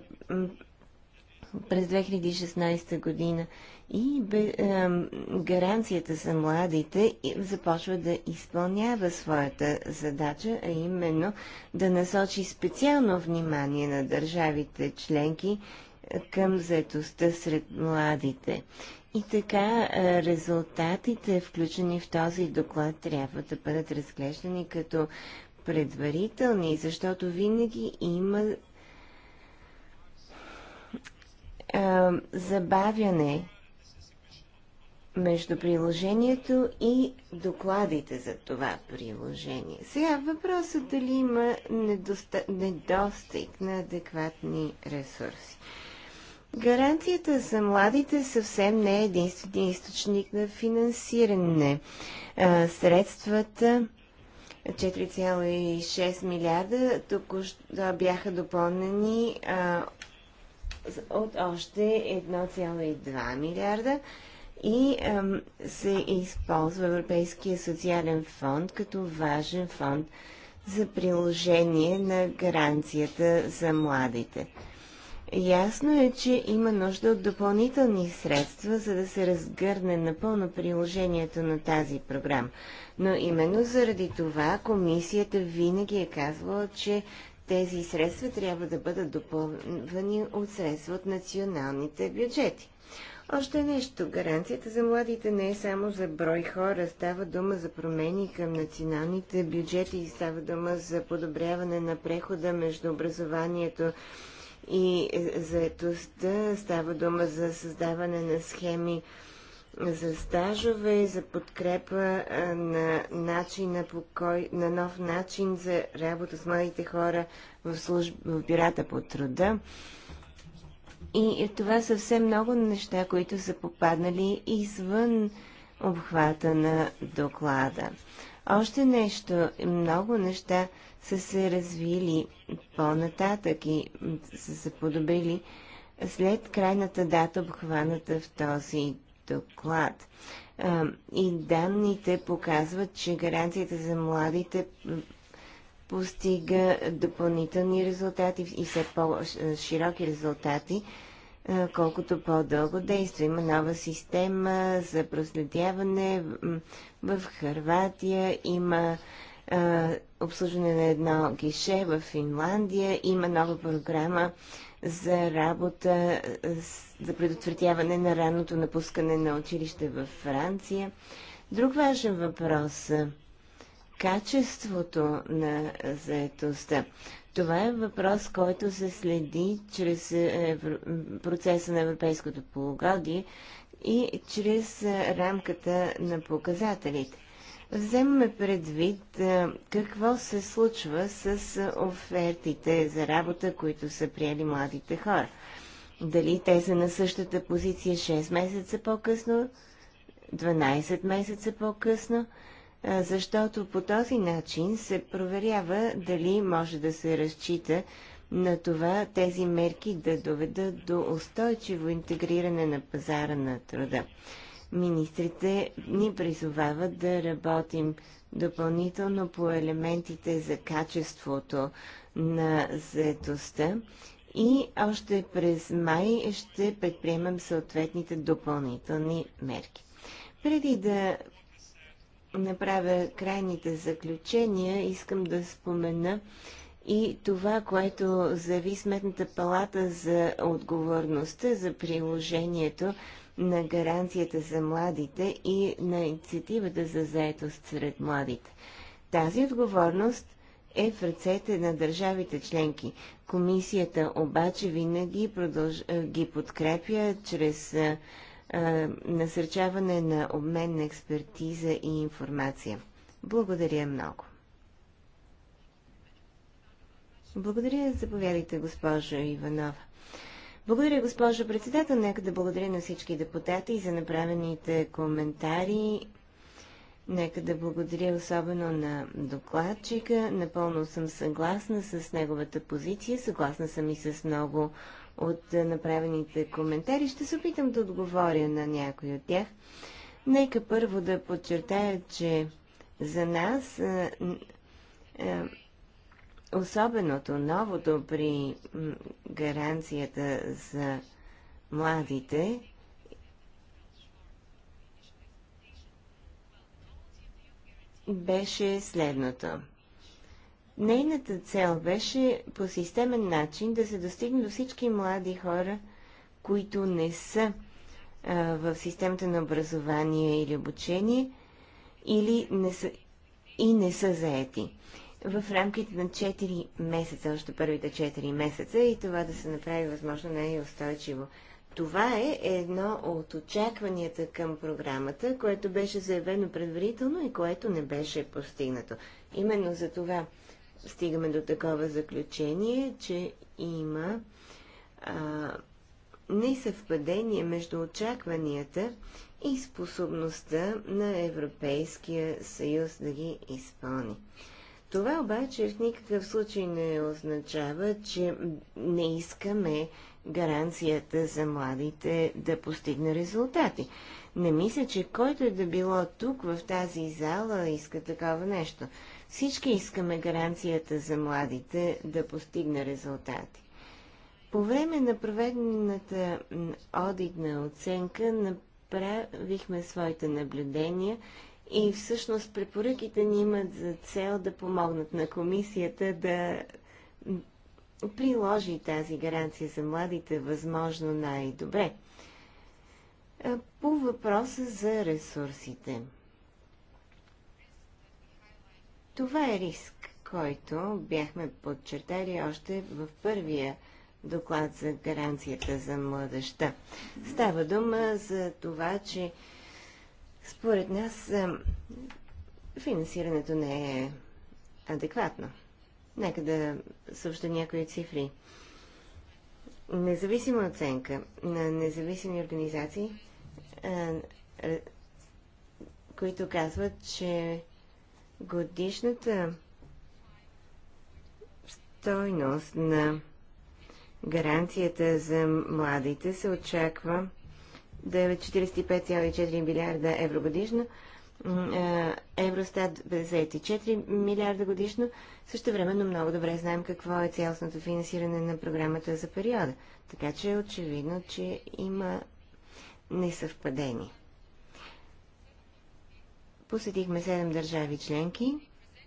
S3: през 2016 година и е, гаранцията за младите започва да изпълнява своята задача, а именно да насочи специално внимание на държавите членки е, към заетостта сред младите. И така резултатите, включени в този доклад, трябва да бъдат разглеждани като предварителни, защото винаги има забавяне между приложението и докладите за това приложение. Сега въпросът е дали има недостиг на адекватни ресурси. Гаранцията за младите съвсем не е единствения източник на финансиране. Средствата 4,6 милиарда току-що бяха допълнени от още 1,2 милиарда и се използва Европейския социален фонд като важен фонд за приложение на гаранцията за младите. Ясно е, че има нужда от допълнителни средства, за да се разгърне напълно приложението на тази програма. Но именно заради това комисията винаги е казвала, че тези средства трябва да бъдат допълвани от средства от националните бюджети. Още нещо. Гаранцията за младите не е само за брой хора. Става дума за промени към националните бюджети и става дума за подобряване на прехода между образованието и е, заедостта, Става дума за създаване на схеми за стажове, за подкрепа на, начина по кой, на нов начин за работа с младите хора в, служб, в бюрата по труда. И това са все много неща, които са попаднали извън обхвата на доклада. Още нещо, много неща са се развили по-нататък и са се подобрили след крайната дата, обхваната в този доклад. И данните показват, че гаранцията за младите постига допълнителни резултати и все по-широки резултати, колкото по-дълго действа. Има нова система за проследяване в Харватия, има обслужване на едно гише в Финландия. Има нова програма за работа за предотвратяване на ранното напускане на училище във Франция. Друг важен въпрос е качеството на заетостта. Това е въпрос, който се следи чрез е, процеса на европейското полугодие и чрез е, рамката на показателите вземаме предвид какво се случва с офертите за работа, които са приели младите хора. Дали те са на същата позиция 6 месеца по-късно, 12 месеца по-късно, защото по този начин се проверява дали може да се разчита на това тези мерки да доведат до устойчиво интегриране на пазара на труда министрите ни призовават да работим допълнително по елементите за качеството на заетостта и още през май ще предприемам съответните допълнителни мерки. Преди да направя крайните заключения, искам да спомена и това, което зави Сметната палата за отговорността за приложението на гаранцията за младите и на инициативата за заетост сред младите. Тази отговорност е в ръцете на държавите членки. Комисията обаче винаги продълж... ги подкрепя чрез а, а, насърчаване на обмен на експертиза и информация. Благодаря много. Благодаря. Заповядайте, госпожо Иванова. Благодаря, госпожо председател. Нека да благодаря на всички депутати за направените коментари. Нека да благодаря особено на докладчика. Напълно съм съгласна с неговата позиция. Съгласна съм и с много от направените коментари. Ще се опитам да отговоря на някой от тях. Нека първо да подчертая, че за нас особеното, новото при гаранцията за младите беше следното. Нейната цел беше по системен начин да се достигне до всички млади хора, които не са а, в системата на образование или обучение или не са, и не са заети в рамките на 4 месеца, още първите 4 месеца и това да се направи възможно най-устойчиво. Това е едно от очакванията към програмата, което беше заявено предварително и което не беше постигнато. Именно за това стигаме до такова заключение, че има а, несъвпадение между очакванията и способността на Европейския съюз да ги изпълни. Това обаче в никакъв случай не означава, че не искаме гаранцията за младите да постигне резултати. Не мисля, че който е да било тук, в тази зала, иска такова нещо. Всички искаме гаранцията за младите да постигне резултати. По време на проведената одитна оценка направихме своите наблюдения и всъщност препоръките ни имат за цел да помогнат на комисията да приложи тази гаранция за младите възможно най-добре. По въпроса за ресурсите. Това е риск, който бяхме подчертали още в първия доклад за гаранцията за младеща. Става дума за това, че според нас финансирането не е адекватно. Нека да съобща някои цифри. Независима оценка на независими организации, е, които казват, че годишната стойност на гаранцията за младите се очаква да е 45,4 милиарда евро годишно, Евростат 54 милиарда годишно. Също времено много добре знаем какво е цялостното финансиране на програмата за периода. Така че е очевидно, че има несъвпадение. Посетихме 7 държави членки.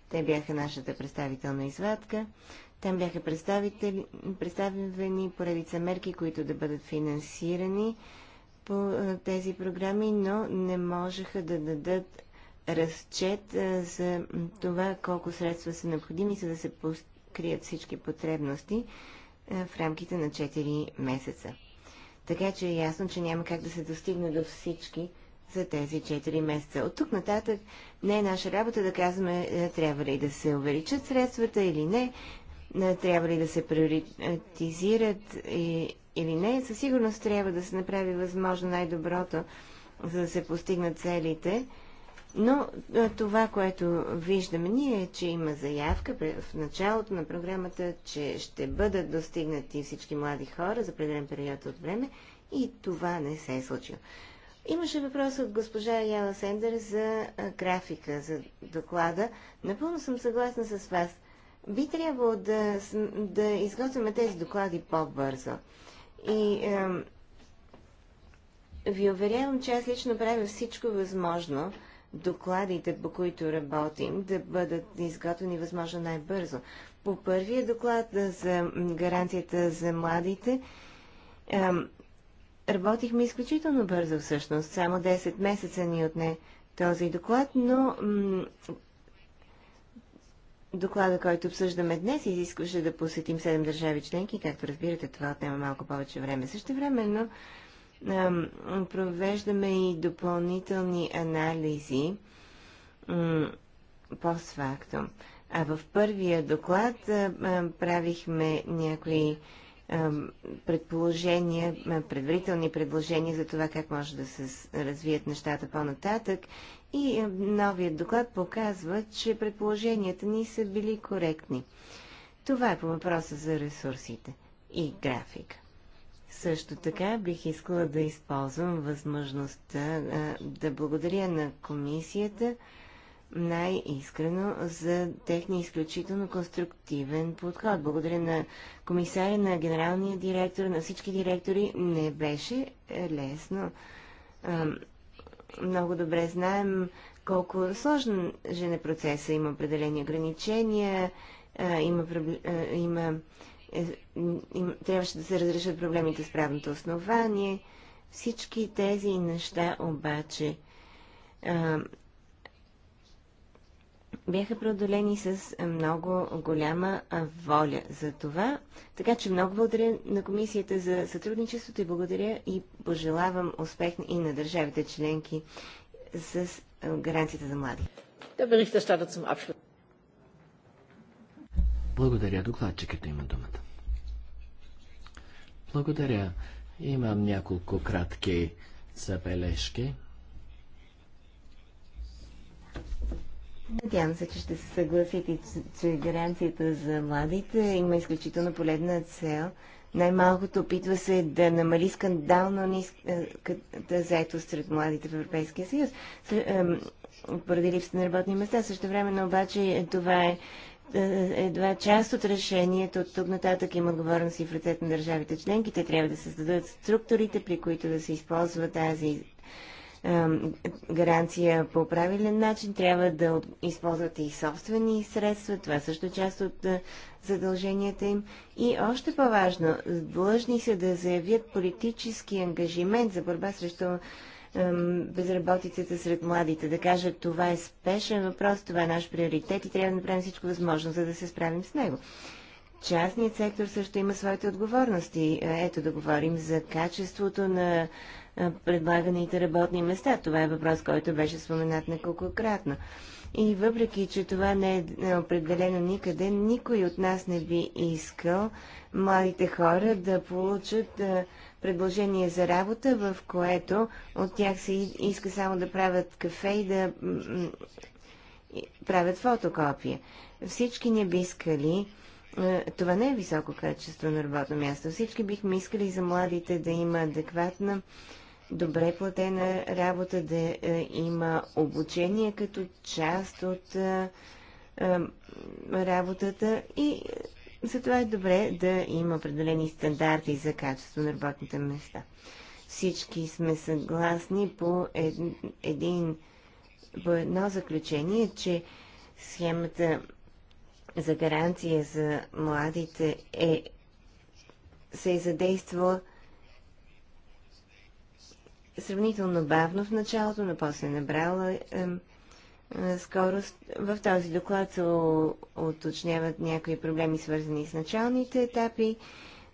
S3: Те бяха нашата представителна извадка. Там бяха представени поредица мерки, които да бъдат финансирани по тези програми, но не можеха да дадат разчет за това колко средства са необходими, за да се покрият всички потребности в рамките на 4 месеца. Така че е ясно, че няма как да се достигне до всички за тези 4 месеца. От тук нататък не е наша работа да казваме е, трябва ли да се увеличат средствата или не, е, трябва ли да се приоритизират и или не, със сигурност трябва да се направи възможно най-доброто, за да се постигнат целите. Но това, което виждаме ние е, че има заявка в началото на програмата, че ще бъдат достигнати всички млади хора за определен период от време и това не се е случило. Имаше въпрос от госпожа Яла Сендер за графика, за доклада. Напълно съм съгласна с вас. Би трябвало да, да изготвяме тези доклади по-бързо. И е, ви уверявам, че аз лично правя всичко възможно докладите, по които работим, да бъдат изготвени възможно най-бързо. По първия доклад за гаранцията за младите, е, работихме изключително бързо всъщност. Само 10 месеца ни отне този доклад, но Доклада, който обсъждаме днес, изискваше да посетим 7 държави членки. Както разбирате, това отнема малко повече време. Също времено провеждаме и допълнителни анализи постфактум. А в първия доклад правихме някои предположения, предварителни предложения за това как може да се развият нещата по-нататък. И новият доклад показва, че предположенията ни са били коректни. Това е по въпроса за ресурсите и графика. Също така бих искала да използвам възможността да благодаря на комисията, най-искрено за техния изключително конструктивен подход. Благодаря на комисаря, на генералния директор, на всички директори. Не беше лесно. Много добре знаем колко сложен е процеса. Има определени ограничения, има, има, е, има, трябваше да се разрешат проблемите с правното основание. Всички тези неща обаче бяха преодолени с много голяма воля за това. Така че много благодаря на комисията за сътрудничеството и благодаря и пожелавам успех и на държавите членки с гаранцията за млади.
S2: Благодаря. Докладчиката има думата. Благодаря. Имам няколко кратки забележки.
S3: Надявам се, че ще се съгласите, че гаранцията за младите има изключително полезна цел. Най-малкото опитва се да намали скандално ниската заетост сред младите в Европейския съюз, поради липсата на работни места. Също но обаче това е, е едва част от решението. От тук нататък има отговорност и в ръцете на държавите членки. Те трябва да създадат структурите, при които да се използва тази гаранция по правилен начин, трябва да използват и собствени средства, това също е част от задълженията им. И още по-важно, длъжни са да заявят политически ангажимент за борба срещу безработицата сред младите, да кажат това е спешен въпрос, това е наш приоритет и трябва да направим всичко възможно, за да се справим с него. Частният сектор също има своите отговорности. Ето да говорим за качеството на предлаганите работни места. Това е въпрос, който беше споменат неколкократно. И въпреки, че това не е, е определено никъде, никой от нас не би искал младите хора да получат е, предложение за работа, в което от тях се иска само да правят кафе и да правят фотокопия. Всички не би искали е, това не е високо качество на работно място. Всички бихме искали за младите да има адекватна добре платена работа, да е, има обучение като част от е, е, работата и затова е добре да има определени стандарти за качество на работните места. Всички сме съгласни по, ед, един, по едно заключение, че схемата за гаранция за младите е, се е задействала сравнително бавно в началото, но после набрала е, е, скорост. В този доклад се уточняват някои проблеми, свързани с началните етапи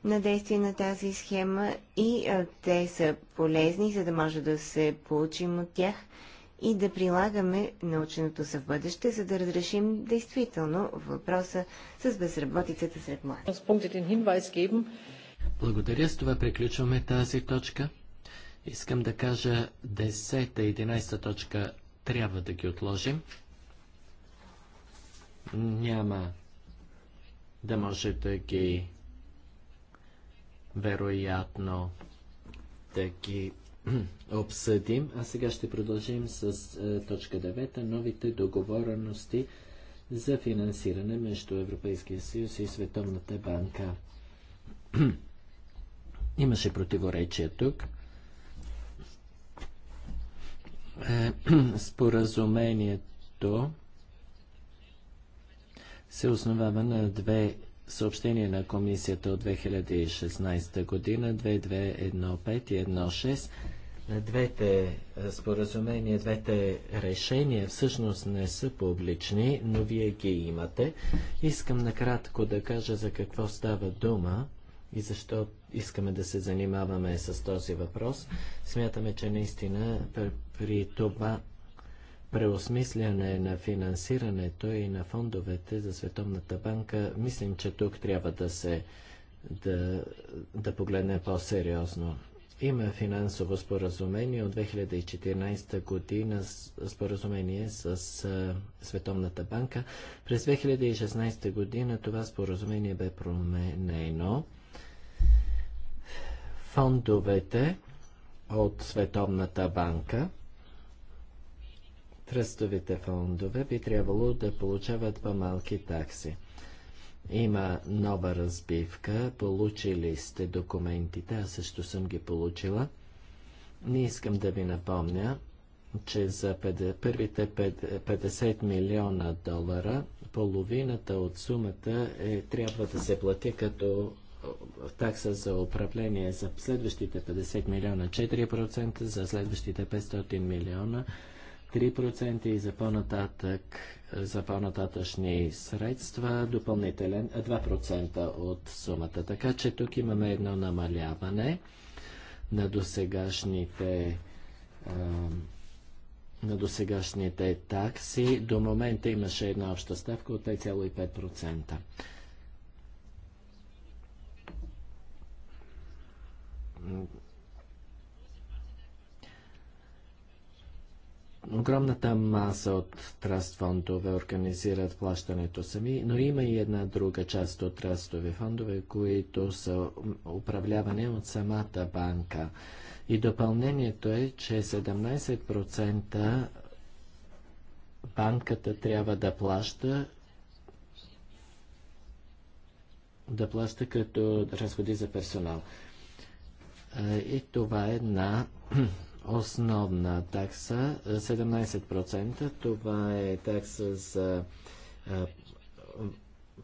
S3: на действие на тази схема и е, те са полезни, за да може да се получим от тях и да прилагаме наученото за в бъдеще, за да разрешим действително въпроса с безработицата сред млади.
S2: Благодаря, с това приключваме тази точка. Искам да кажа 10 и 11 точка трябва да ги отложим. Няма да може да ги вероятно да ги [CLEARS THROAT] обсъдим. А сега ще продължим с е, точка 9. Новите договорености за финансиране между Европейския съюз и Световната банка. [CLEARS THROAT] Имаше противоречие тук. Е, [CLEARS THROAT] споразумението се основава на две съобщения на комисията от 2016 година 2215 и 16 двете е, споразумения, двете решения всъщност не са публични, но вие ги имате. Искам накратко да кажа за какво става дума и защо искаме да се занимаваме с този въпрос. Смятаме, че наистина при това преосмисляне на финансирането и на фондовете за Световната банка, мислим, че тук трябва да се да, да погледне по-сериозно. Има финансово споразумение от 2014 година, споразумение с, с Световната банка. През 2016 година това споразумение бе променено. Фондовете от Световната банка тръстовите фондове би трябвало да получават по-малки такси. Има нова разбивка, получили сте документите, аз също съм ги получила. Не искам да ви напомня, че за първите 50 милиона долара половината от сумата е, трябва да се плати като такса за управление за следващите 50 милиона 4%, за следващите 500 милиона 3% и за по-нататък за по-нататъчни средства допълнителен 2% е, от сумата. Така че тук имаме едно намаляване на досегашните а, е, на досегашните такси. До момента имаше една обща ставка от 5,5%. Огромната маса от траст фондове организират плащането сами, но има и една друга част от тръстови фондове, които са управлявани от самата банка. И допълнението е, че 17% банката трябва да плаща да плаща като разходи за персонал. И това е една [CLEARS THROAT] основна такса 17%. Е, това е такса за е,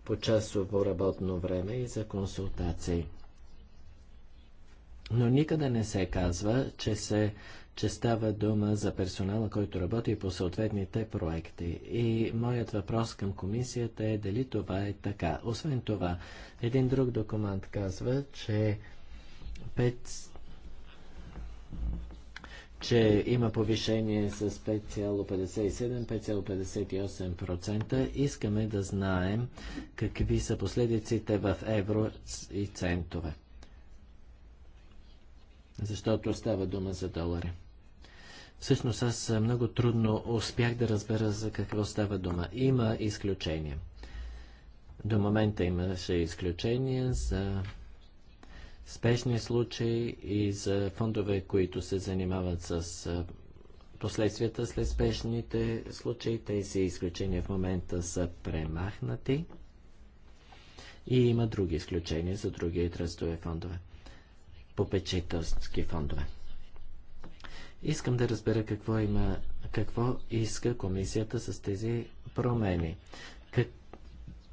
S2: почасово работно време и за консултации. Но никъде не се казва, че, се, че става дума за персонала, който работи по съответните проекти. И моят въпрос към комисията е дали това е така. Освен това, един друг документ казва, че 5 че има повишение с 5,57-5,58%. Искаме да знаем какви са последиците в евро и центове. Защото става дума за долари. Всъщност аз много трудно успях да разбера за какво става дума. Има изключения. До момента имаше изключения за спешни случаи и за фондове, които се занимават с последствията след спешните случаи. Тези изключения в момента са премахнати и има други изключения за други тръстове фондове, попечителски фондове. Искам да разбера какво има, какво иска комисията с тези промени. Как,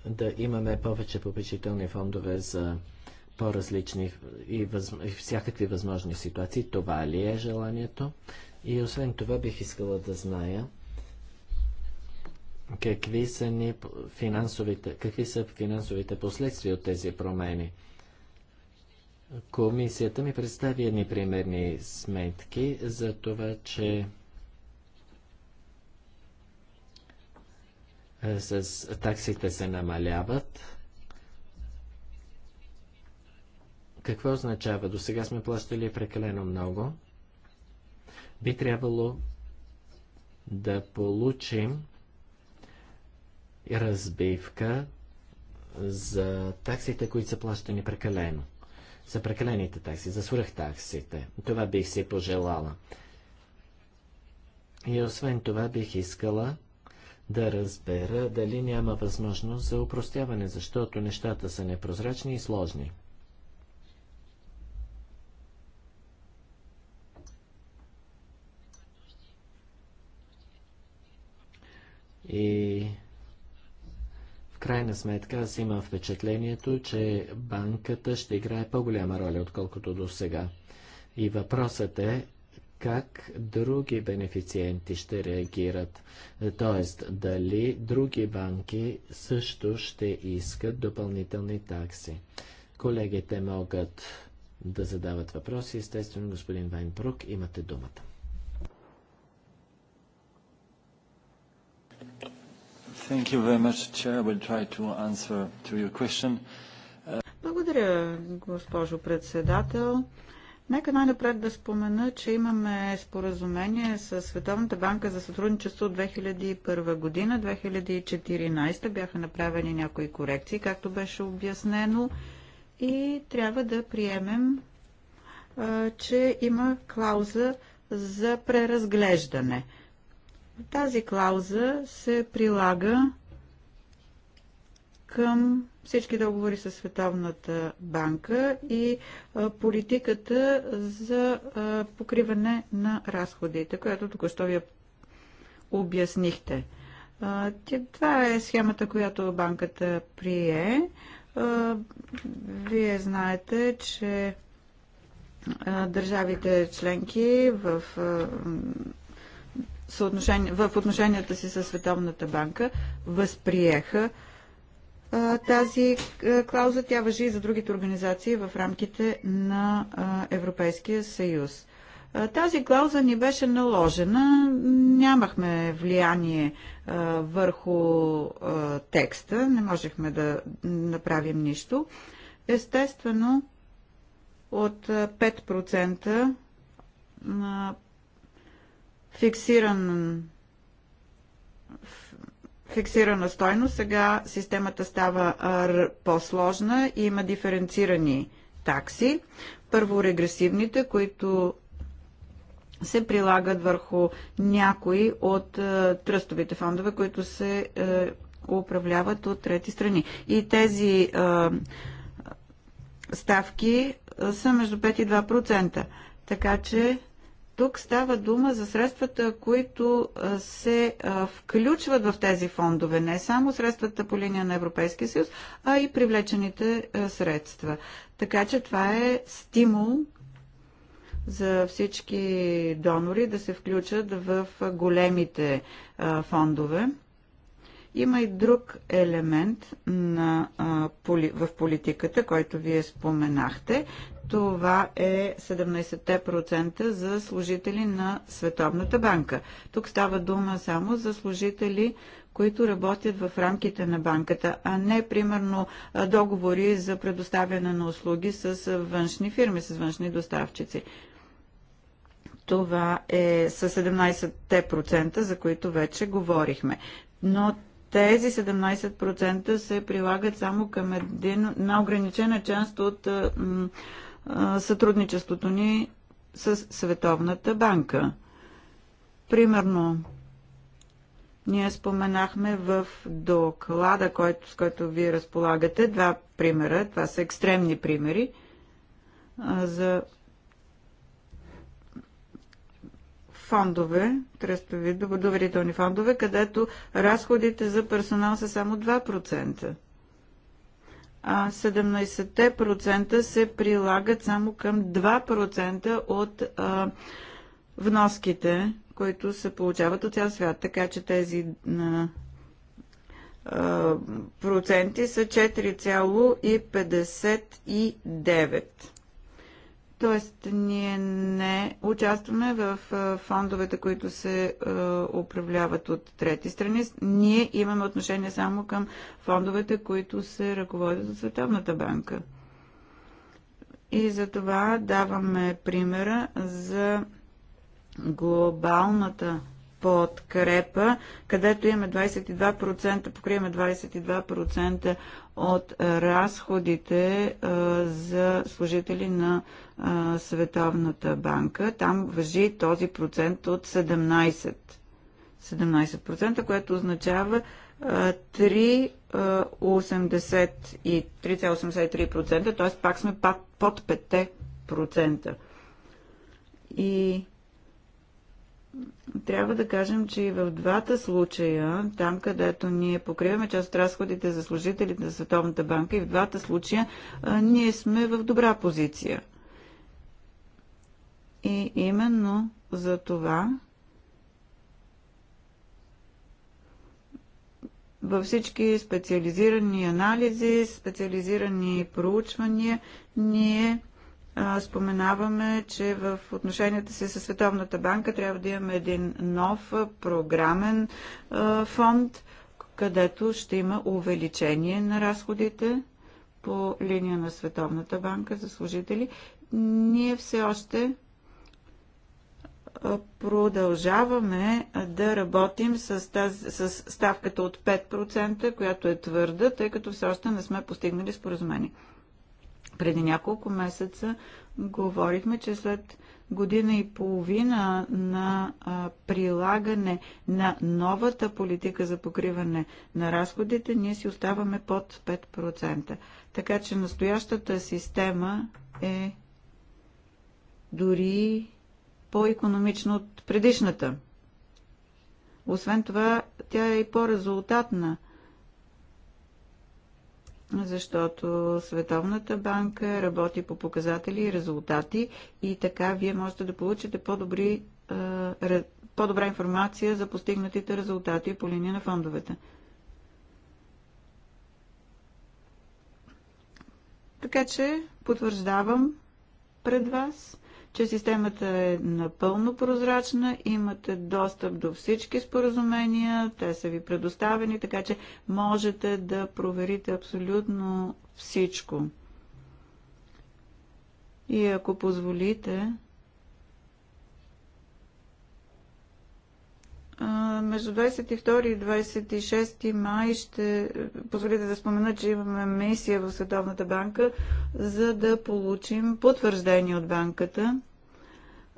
S2: да имаме повече попечителни фондове за по-различни и, въз... и всякакви възможни ситуации. Това ли е желанието? И освен това бих искала да зная какви са, ни финансовите, какви са финансовите последствия от тези промени. Комисията ми представи едни примерни сметки за това, че е, с таксите се намаляват Какво означава? До сега сме плащали прекалено много. Би трябвало да получим разбивка за таксите, които са плащани прекалено. За прекалените такси, за таксите. Това бих си пожелала. И освен това бих искала да разбера дали няма възможност за упростяване, защото нещата са непрозрачни и сложни. И в крайна сметка аз имам впечатлението, че банката ще играе по-голяма роля, отколкото до сега. И въпросът е как други бенефициенти ще реагират. Тоест, дали други банки също ще искат допълнителни такси. Колегите могат да задават въпроси. Естествено, господин Вайнбрук, имате думата. Thank you very much, Chair. We'll try to answer
S1: to your question. Благодаря, госпожо председател. Нека най-напред да спомена, че имаме споразумение с Световната банка за сътрудничество от 2001 година. 2014 бяха направени някои корекции, както беше обяснено, и трябва да приемем, че има клауза за преразглеждане. Тази клауза се прилага към всички договори с Световната банка и политиката за покриване на разходите, която току-що ви обяснихте. Това е схемата, която банката прие. Вие знаете, че държавите членки в в отношенията си с Световната банка възприеха тази клауза. Тя въжи и за другите организации в рамките на Европейския съюз. Тази клауза ни беше наложена, нямахме влияние върху текста, не можехме да направим нищо. Естествено, от 5% фиксиран фиксирана стойност. Сега системата става по-сложна и има диференцирани такси. Първо регресивните, които се прилагат върху някои от е, тръстовите фондове, които се е, управляват от трети страни. И тези е, ставки са между 5 и 2%. Така че тук става дума за средствата, които се включват в тези фондове, не само средствата по линия на Европейския съюз, а и привлечените средства. Така че това е стимул за всички донори да се включат в големите фондове. Има и друг елемент на, а, поли, в политиката, който вие споменахте. Това е 17% за служители на Световната банка. Тук става дума само за служители, които работят в рамките на банката, а не примерно договори за предоставяне на услуги с външни фирми, с външни доставчици. Това е с 17%, за които вече говорихме. Но тези 17% се прилагат само към един, на ограничена част от сътрудничеството ни с Световната банка. Примерно, ние споменахме в доклада, който, с който вие разполагате, два примера. Това са екстремни примери за фондове, тръстови доверителни фондове, където разходите за персонал са само 2%, а 17% се прилагат само към 2% от а, вноските, които се получават от цял свят. Така че тези а, проценти са 4,59%. Тоест, ние не участваме в фондовете, които се управляват от трети страни. Ние имаме отношение само към фондовете, които се ръководят от Световната банка. И за това даваме примера за глобалната подкрепа, където имаме 22%, покриваме 22% от разходите за служители на Световната банка. Там въжи този процент от 17%. 17%, което означава 3,83%, т.е. пак сме под 5%. И трябва да кажем, че и в двата случая, там където ние покриваме част от разходите за служителите на Световната банка, и в двата случая а, ние сме в добра позиция. И именно за това във всички специализирани анализи, специализирани проучвания, ние споменаваме, че в отношенията си с Световната банка трябва да имаме един нов програмен фонд, където ще има увеличение на разходите по линия на Световната банка за служители. Ние все още продължаваме да работим с, тази, с ставката от 5%, която е твърда, тъй като все още не сме постигнали споразумение. Преди няколко месеца говорихме, че след година и половина на а, прилагане на новата политика за покриване на разходите, ние си оставаме под 5%. Така че настоящата система е дори по-економична от предишната. Освен това, тя е и по-резултатна, защото Световната банка работи по показатели и резултати и така вие можете да получите по-добри, по-добра информация за постигнатите резултати по линия на фондовете. Така че потвърждавам пред вас че системата е напълно прозрачна, имате достъп до всички споразумения, те са ви предоставени, така че можете да проверите абсолютно всичко. И ако позволите, между 22 и 26 май ще е, позволите да спомена, че имаме мисия в Световната банка, за да получим потвърждение от банката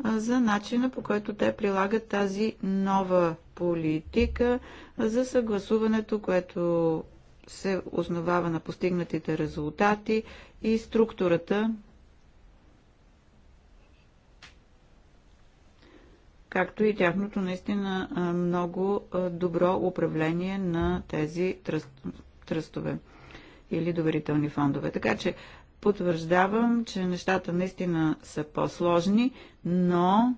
S1: за начина по който те прилагат тази нова политика за съгласуването, което се основава на постигнатите резултати и структурата както и тяхното наистина много добро управление на тези тръстове или доверителни фондове. Така че потвърждавам, че нещата наистина са по-сложни, но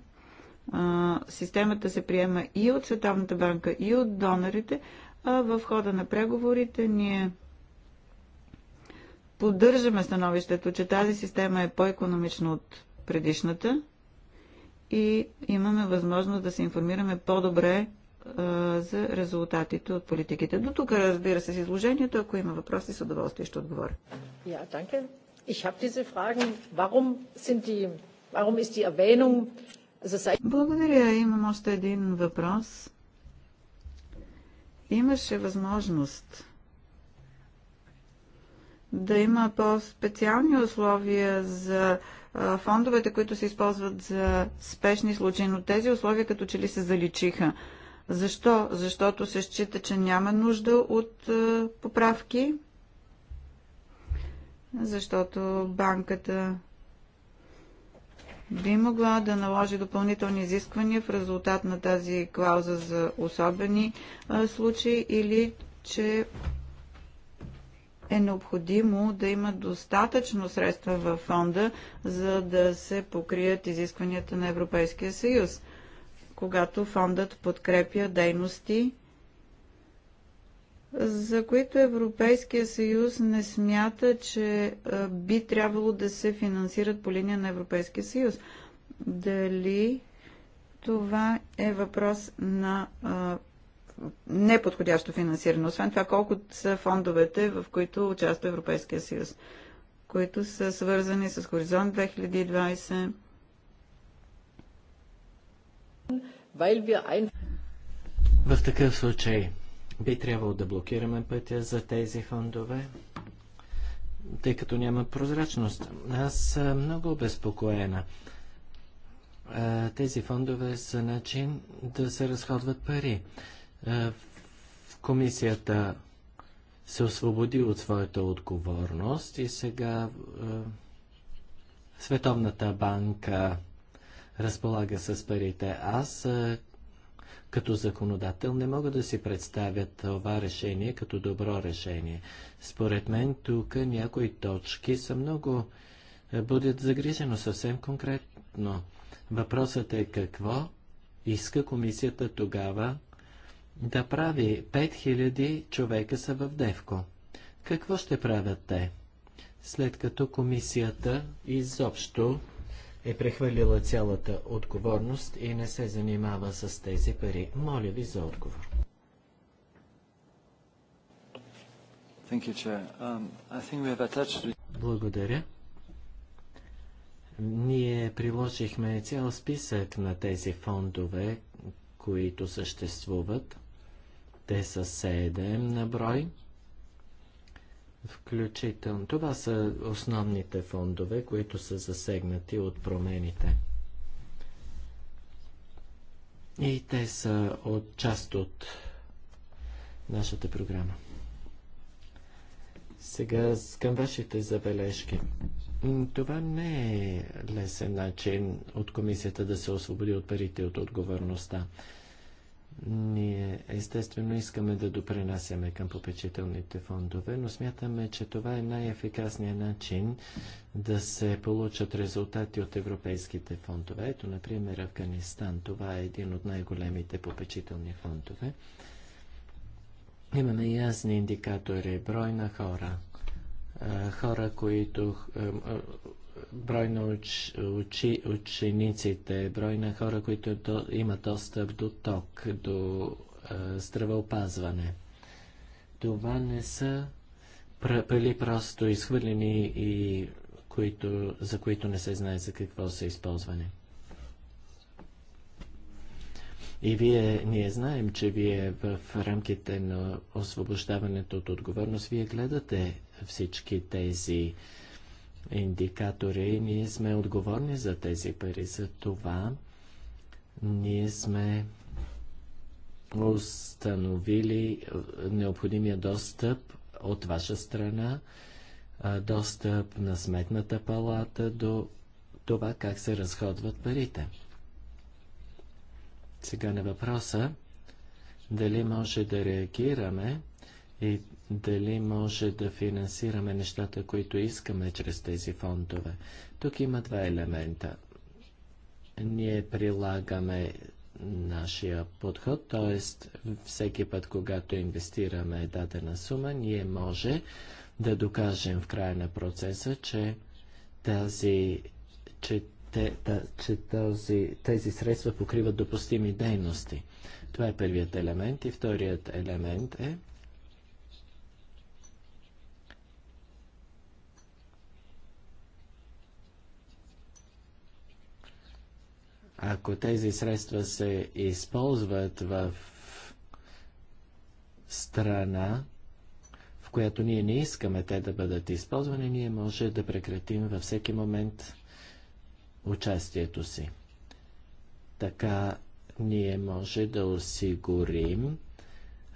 S1: а, системата се приема и от Световната банка, и от донорите, а в хода на преговорите ние поддържаме становището, че тази система е по-економична от предишната, и имаме възможност да се информираме по-добре за резултатите от политиките. До тук разбира се с изложението. Ако има въпроси, с удоволствие ще отговоря. Ja, danke. Ich habe diese Fragen. Warum sind die, warum ist die Erwähnung, Благодаря. Имам още един въпрос. Имаше възможност да има по-специални условия за фондовете, които се използват за спешни случаи, но тези условия като че ли се заличиха. Защо? Защото се счита, че няма нужда от поправки, защото банката би могла да наложи допълнителни изисквания в резултат на тази клауза за особени случаи или че е необходимо да има достатъчно средства във фонда, за да се покрият изискванията на Европейския съюз, когато фондът подкрепя дейности, за които Европейския съюз не смята, че би трябвало да се финансират по линия на Европейския съюз. Дали това е въпрос на а, неподходящо финансиране. Освен това, колко са фондовете, в които участва Европейския съюз, които са свързани с Хоризонт 2020.
S2: В такъв случай би трябвало да блокираме пътя за тези фондове, тъй като няма прозрачност. Аз съм много обезпокоена. Тези фондове са начин да се разходват пари. Е, комисията се освободи от своята отговорност и сега е, Световната банка разполага с парите. Аз е, като законодател не мога да си представя това решение като добро решение. Според мен тук някои точки са много будят загрижено съвсем конкретно. Въпросът е какво иска комисията тогава да прави 5000 човека са в Девко. Какво ще правят те? След като комисията изобщо е прехвърлила цялата отговорност и не се занимава с тези пари. Моля ви за отговор.
S3: Um,
S2: Благодаря. Ние приложихме цял списък на тези фондове, които съществуват. Те са 7 на брой. Включително. Това са основните фондове, които са засегнати от промените. И те са от част от нашата програма. Сега към вашите забележки. Това не е лесен начин от комисията да се освободи от парите от отговорността. Ние естествено искаме да допринасяме към попечителните фондове, но смятаме, че това е най-ефикасният начин да се получат резултати от европейските фондове. Ето, например, Афганистан. Това е един от най-големите попечителни фондове. Имаме ясни индикатори, брой на хора, хора, които брой на уч, учи, учениците, брой на хора, които до, имат достъп до ток, до е, здравеопазване. Това не са били просто изхвърлени и които, за които не се знае за какво са използвани. И вие, ние знаем, че вие в рамките на освобождаването от отговорност, вие гледате всички тези индикатори. Ние сме отговорни за тези пари. За това ние сме установили е, необходимия достъп от ваша страна, е, достъп на сметната палата до това как се разходват парите. Сега на въпроса дали може да реагираме и дали може да финансираме нещата, които искаме чрез тези фондове. Тук има два елемента. Ние прилагаме нашия подход, т.е. всеки път, когато инвестираме дадена сума, ние може да докажем в края на процеса, че тази, че, те, да, че този, тези средства покриват допустими дейности. Това е първият елемент. И вторият елемент е, Ако тези средства се използват в страна, в която ние не искаме те да бъдат използвани, ние може да прекратим във всеки момент участието си. Така ние може да осигурим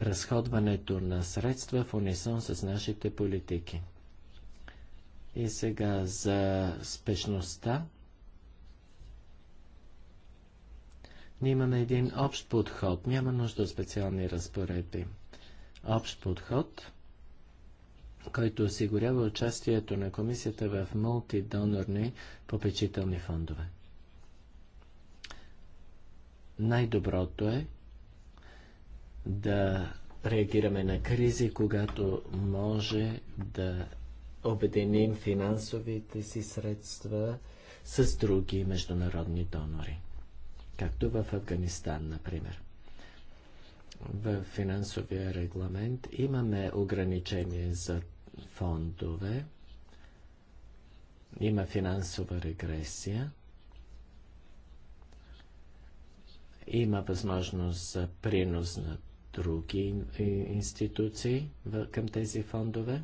S2: разходването на средства в унисон с нашите политики. И сега за спешността Ние имаме един общ подход. Няма нужда от специални разпоредби. Общ подход, който осигурява участието на комисията в мултидонорни попечителни фондове. Най-доброто е да реагираме на кризи, когато може да обединим финансовите си средства с други международни донори както в Афганистан, например. В финансовия регламент имаме ограничение за фондове, има финансова регресия, има възможност за принос на други институции към тези фондове.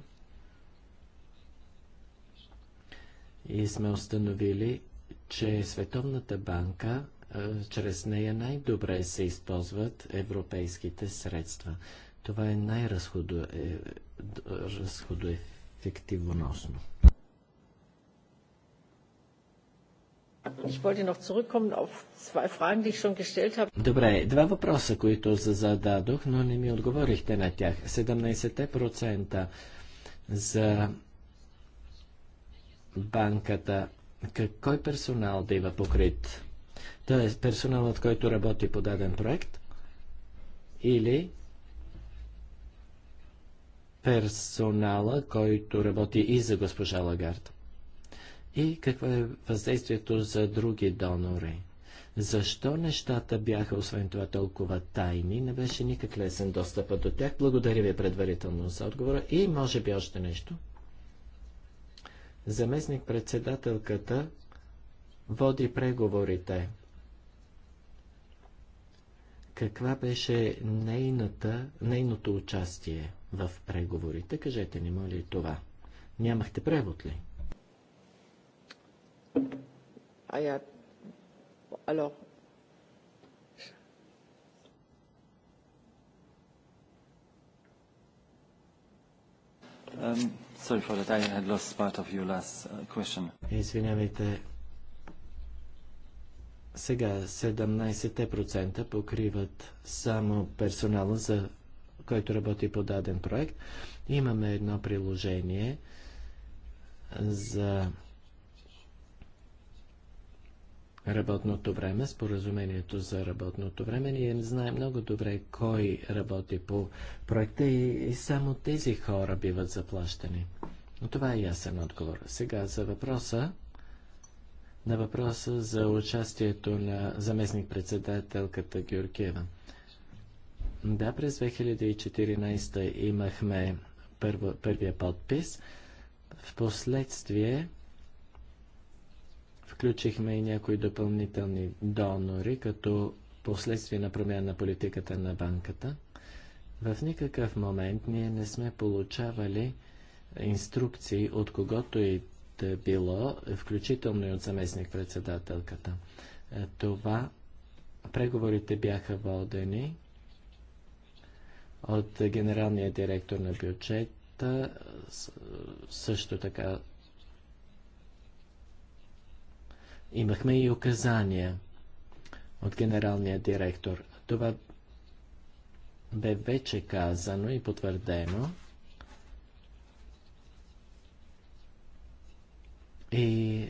S2: И сме установили, че Световната банка е, чрез нея най-добре се използват европейските средства. Това е най-разходоефективоносно. Е, Добре, два въпроса, които зададох, но не ми отговорихте на тях. 17% за банката. Кой персонал да има покрит т.е. персоналът, който работи по даден проект, или персонала, който работи и за госпожа Лагард. И какво е въздействието за други донори? Защо нещата бяха, освен това, толкова тайни? Не беше никак лесен достъпа до тях. Благодаря ви предварително за отговора. И може би още нещо. Заместник председателката води преговорите каква беше нейната, нейното участие в преговорите? Кажете ни, моля, и това. Нямахте превод ли? А я... Um, uh, Извинявайте, сега 17% покриват само персонала, за който работи по даден проект. Имаме едно приложение за работното време, споразумението за работното време. Ние знаем много добре кой работи по проекта и, и само тези хора биват заплащани. Но това е ясен отговор. Сега за въпроса на въпроса за участието на заместник-председателката Георгиева. Да, през 2014 имахме първо, първия подпис. В последствие включихме и някои допълнителни донори, като последствие на промяна на политиката на банката. В никакъв момент ние не сме получавали инструкции от когото и е било, включително и от заместник-председателката. Е, това преговорите бяха водени от генералния директор на бюджета, също така имахме и указания от генералния директор. Това бе вече казано и потвърдено. И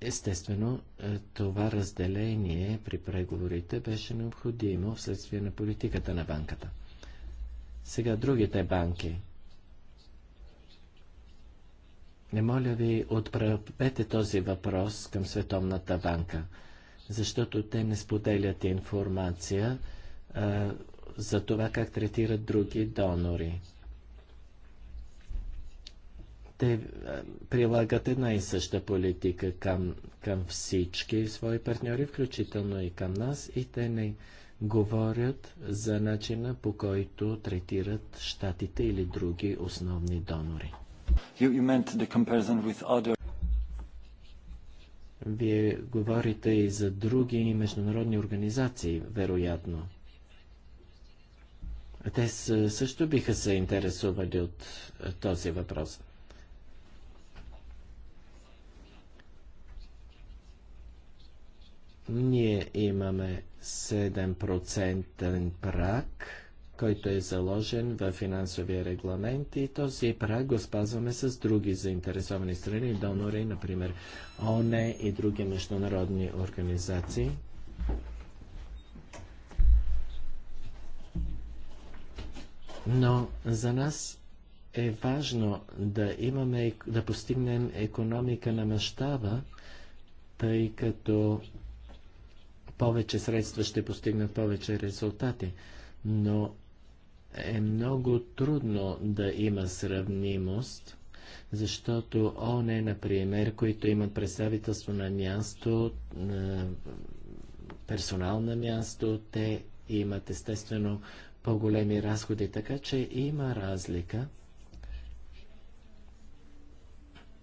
S2: естествено, е, това разделение при преговорите беше необходимо вследствие на политиката на банката. Сега другите банки. Не моля ви, отправете този въпрос към Световната банка, защото те не споделят информация а, за това как третират други донори те е, прилагат една и съща политика към, към всички свои партньори, включително и към нас, и те не говорят за начина по който третират щатите или други основни донори. You, you meant the comparison with other... Вие говорите и за други международни организации, вероятно. Те също биха се интересували от е, този въпрос. Ние имаме 7% прак, който е заложен в финансовия регламент и този прак го спазваме с други заинтересовани страни, донори, например ОНЕ и други международни организации. Но за нас е важно да имаме, да постигнем економика на мащаба, тъй като повече средства ще постигнат повече резултати. Но е много трудно да има сравнимост, защото ОНЕ, например, които имат представителство на място, на персонал на място, те имат естествено по-големи разходи, така че има разлика.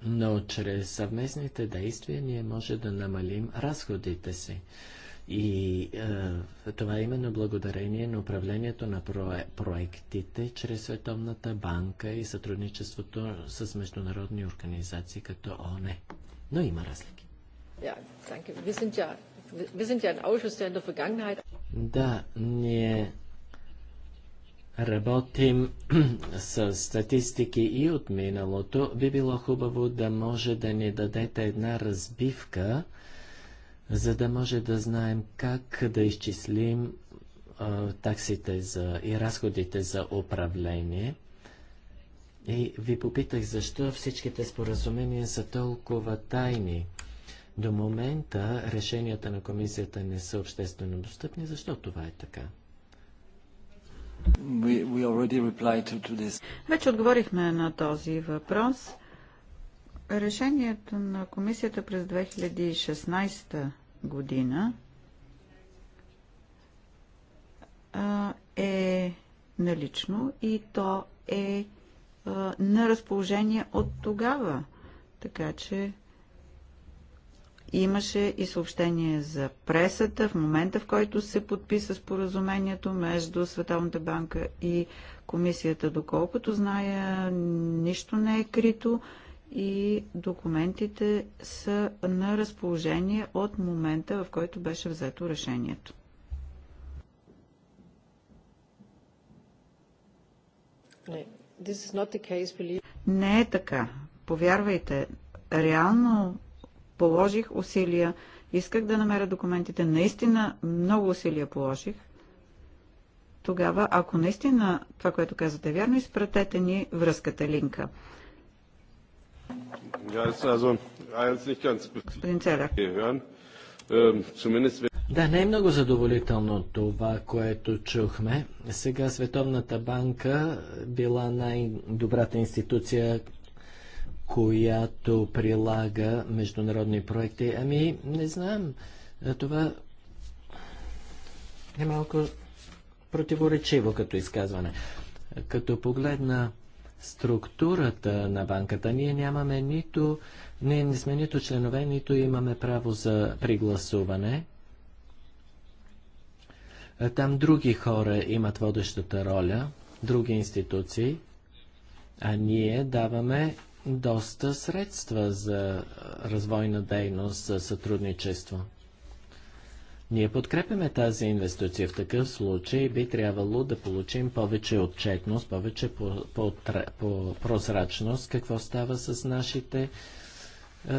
S2: Но чрез съвместните действия ние може да намалим разходите си. И е, това е именно благодарение на управлението на проектите чрез Световната банка и сътрудничеството с международни организации като ОНЕ. Но има разлики. Да, ние работим [CLEARS THROAT] с статистики и от миналото. Би било хубаво да може да ни дадете една разбивка за да може да знаем как да изчислим а, таксите за, и разходите за управление. И ви попитах защо всичките споразумения са толкова тайни. До момента решенията на комисията не са обществено достъпни. Защо това е така? We, we to, to
S1: Вече отговорихме на този въпрос. Решението на комисията през 2016 година е налично и то е на разположение от тогава. Така че имаше и съобщение за пресата в момента, в който се подписа споразумението между Световната банка и комисията. Доколкото зная, нищо не е крито и документите са на разположение от момента, в който беше взето решението. Case, Не е така. Повярвайте, реално положих усилия, исках да намеря документите, наистина много усилия положих. Тогава, ако наистина това, което казвате е вярно, изпратете ни връзката линка. Ähm,
S2: да, не е много задоволително това, което чухме. Сега Световната банка била най-добрата институция, която прилага международни проекти. Ами, не знам. Това е малко противоречиво като изказване. Като погледна структурата на банката. Ние нямаме нито, ние не сме нито членове, нито имаме право за пригласуване. Там други хора имат водещата роля, други институции, а ние даваме доста средства за развойна дейност, за сътрудничество. Ние подкрепяме тази инвестиция. В такъв случай би трябвало да получим повече отчетност, повече по, по, по прозрачност, какво става с нашите е,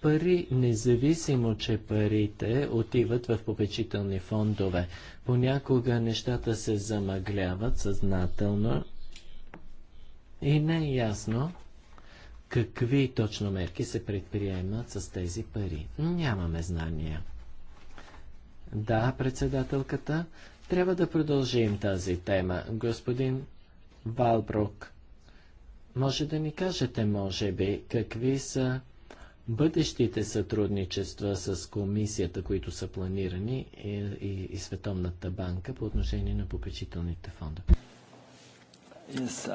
S2: пари, независимо, че парите отиват в попечителни фондове. Понякога нещата се замъгляват съзнателно и не е ясно какви точно мерки се предприемат с тези пари. Нямаме знания. Да, председателката, трябва да продължим тази тема. Господин Валбрук, може да ни кажете, може би, какви са бъдещите сътрудничества с комисията, които са планирани и, е, и, и Световната банка по отношение на попечителните фонда. Yes,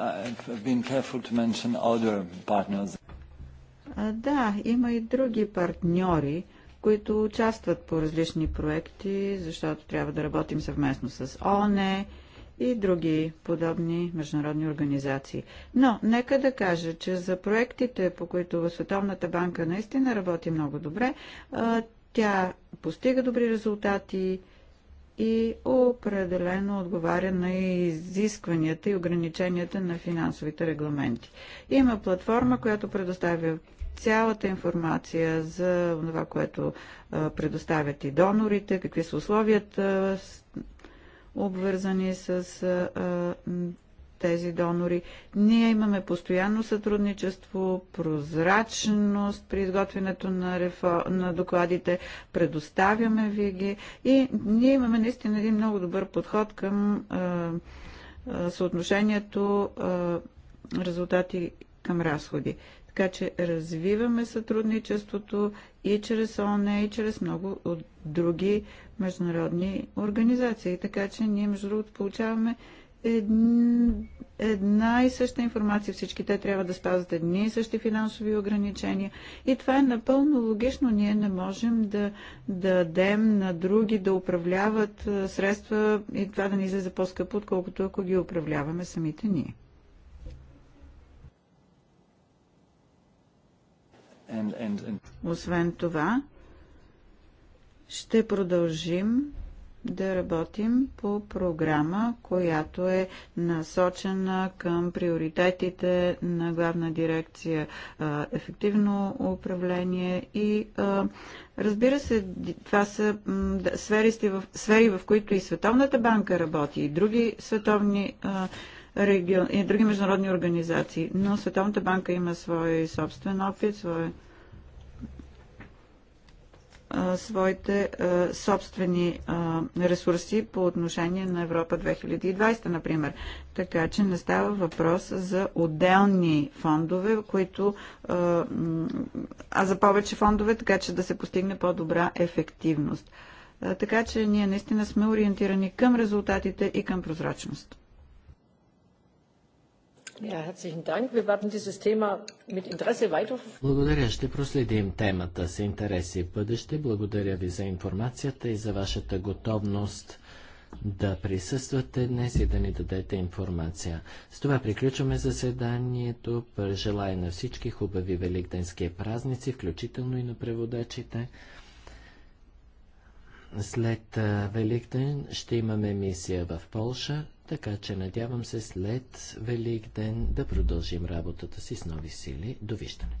S1: да, има и други партньори, които участват по различни проекти, защото трябва да работим съвместно с ОНЕ и други подобни международни организации. Но нека да кажа, че за проектите, по които Световната банка наистина работи много добре, тя постига добри резултати и определено отговаря на изискванията и ограниченията на финансовите регламенти. Има платформа, която предоставя цялата информация за това, което предоставят и донорите, какви са условията обвързани с тези донори. Ние имаме постоянно сътрудничество, прозрачност при изготвянето на, рефо... на докладите, предоставяме ви ги и ние имаме наистина един много добър подход към а, а, съотношението а, резултати към разходи. Така че развиваме сътрудничеството и чрез ООН, и чрез много от други международни организации. Така че ние, между другото, получаваме една и съща информация. Всички те трябва да спазват едни и същи финансови ограничения. И това е напълно логично. Ние не можем да, да дадем на други да управляват средства и това да ни излезе по-скъпо, отколкото ако ги управляваме самите ние. Освен това, ще продължим да работим по програма, която е насочена към приоритетите на главна дирекция ефективно управление и разбира се, това са сфери, в които и Световната банка работи, и други световни организации регион, и други международни организации. Но Световната банка има свой собствен опит, свое, а, своите а, собствени а, ресурси по отношение на Европа 2020, например. Така че не става въпрос за отделни фондове, които, а, а за повече фондове, така че да се постигне по-добра ефективност. Така че ние наистина сме ориентирани към резултатите и към
S2: прозрачност. Благодаря, ще проследим темата с интерес и бъдеще. Благодаря ви за информацията и за вашата готовност да присъствате днес и да ни дадете информация. С това приключваме заседанието. Желая на всички хубави великденски празници, включително и на преводачите. След Великден ще имаме мисия в Полша. Така че надявам се след Велик ден да продължим работата си с нови сили. Довиждане!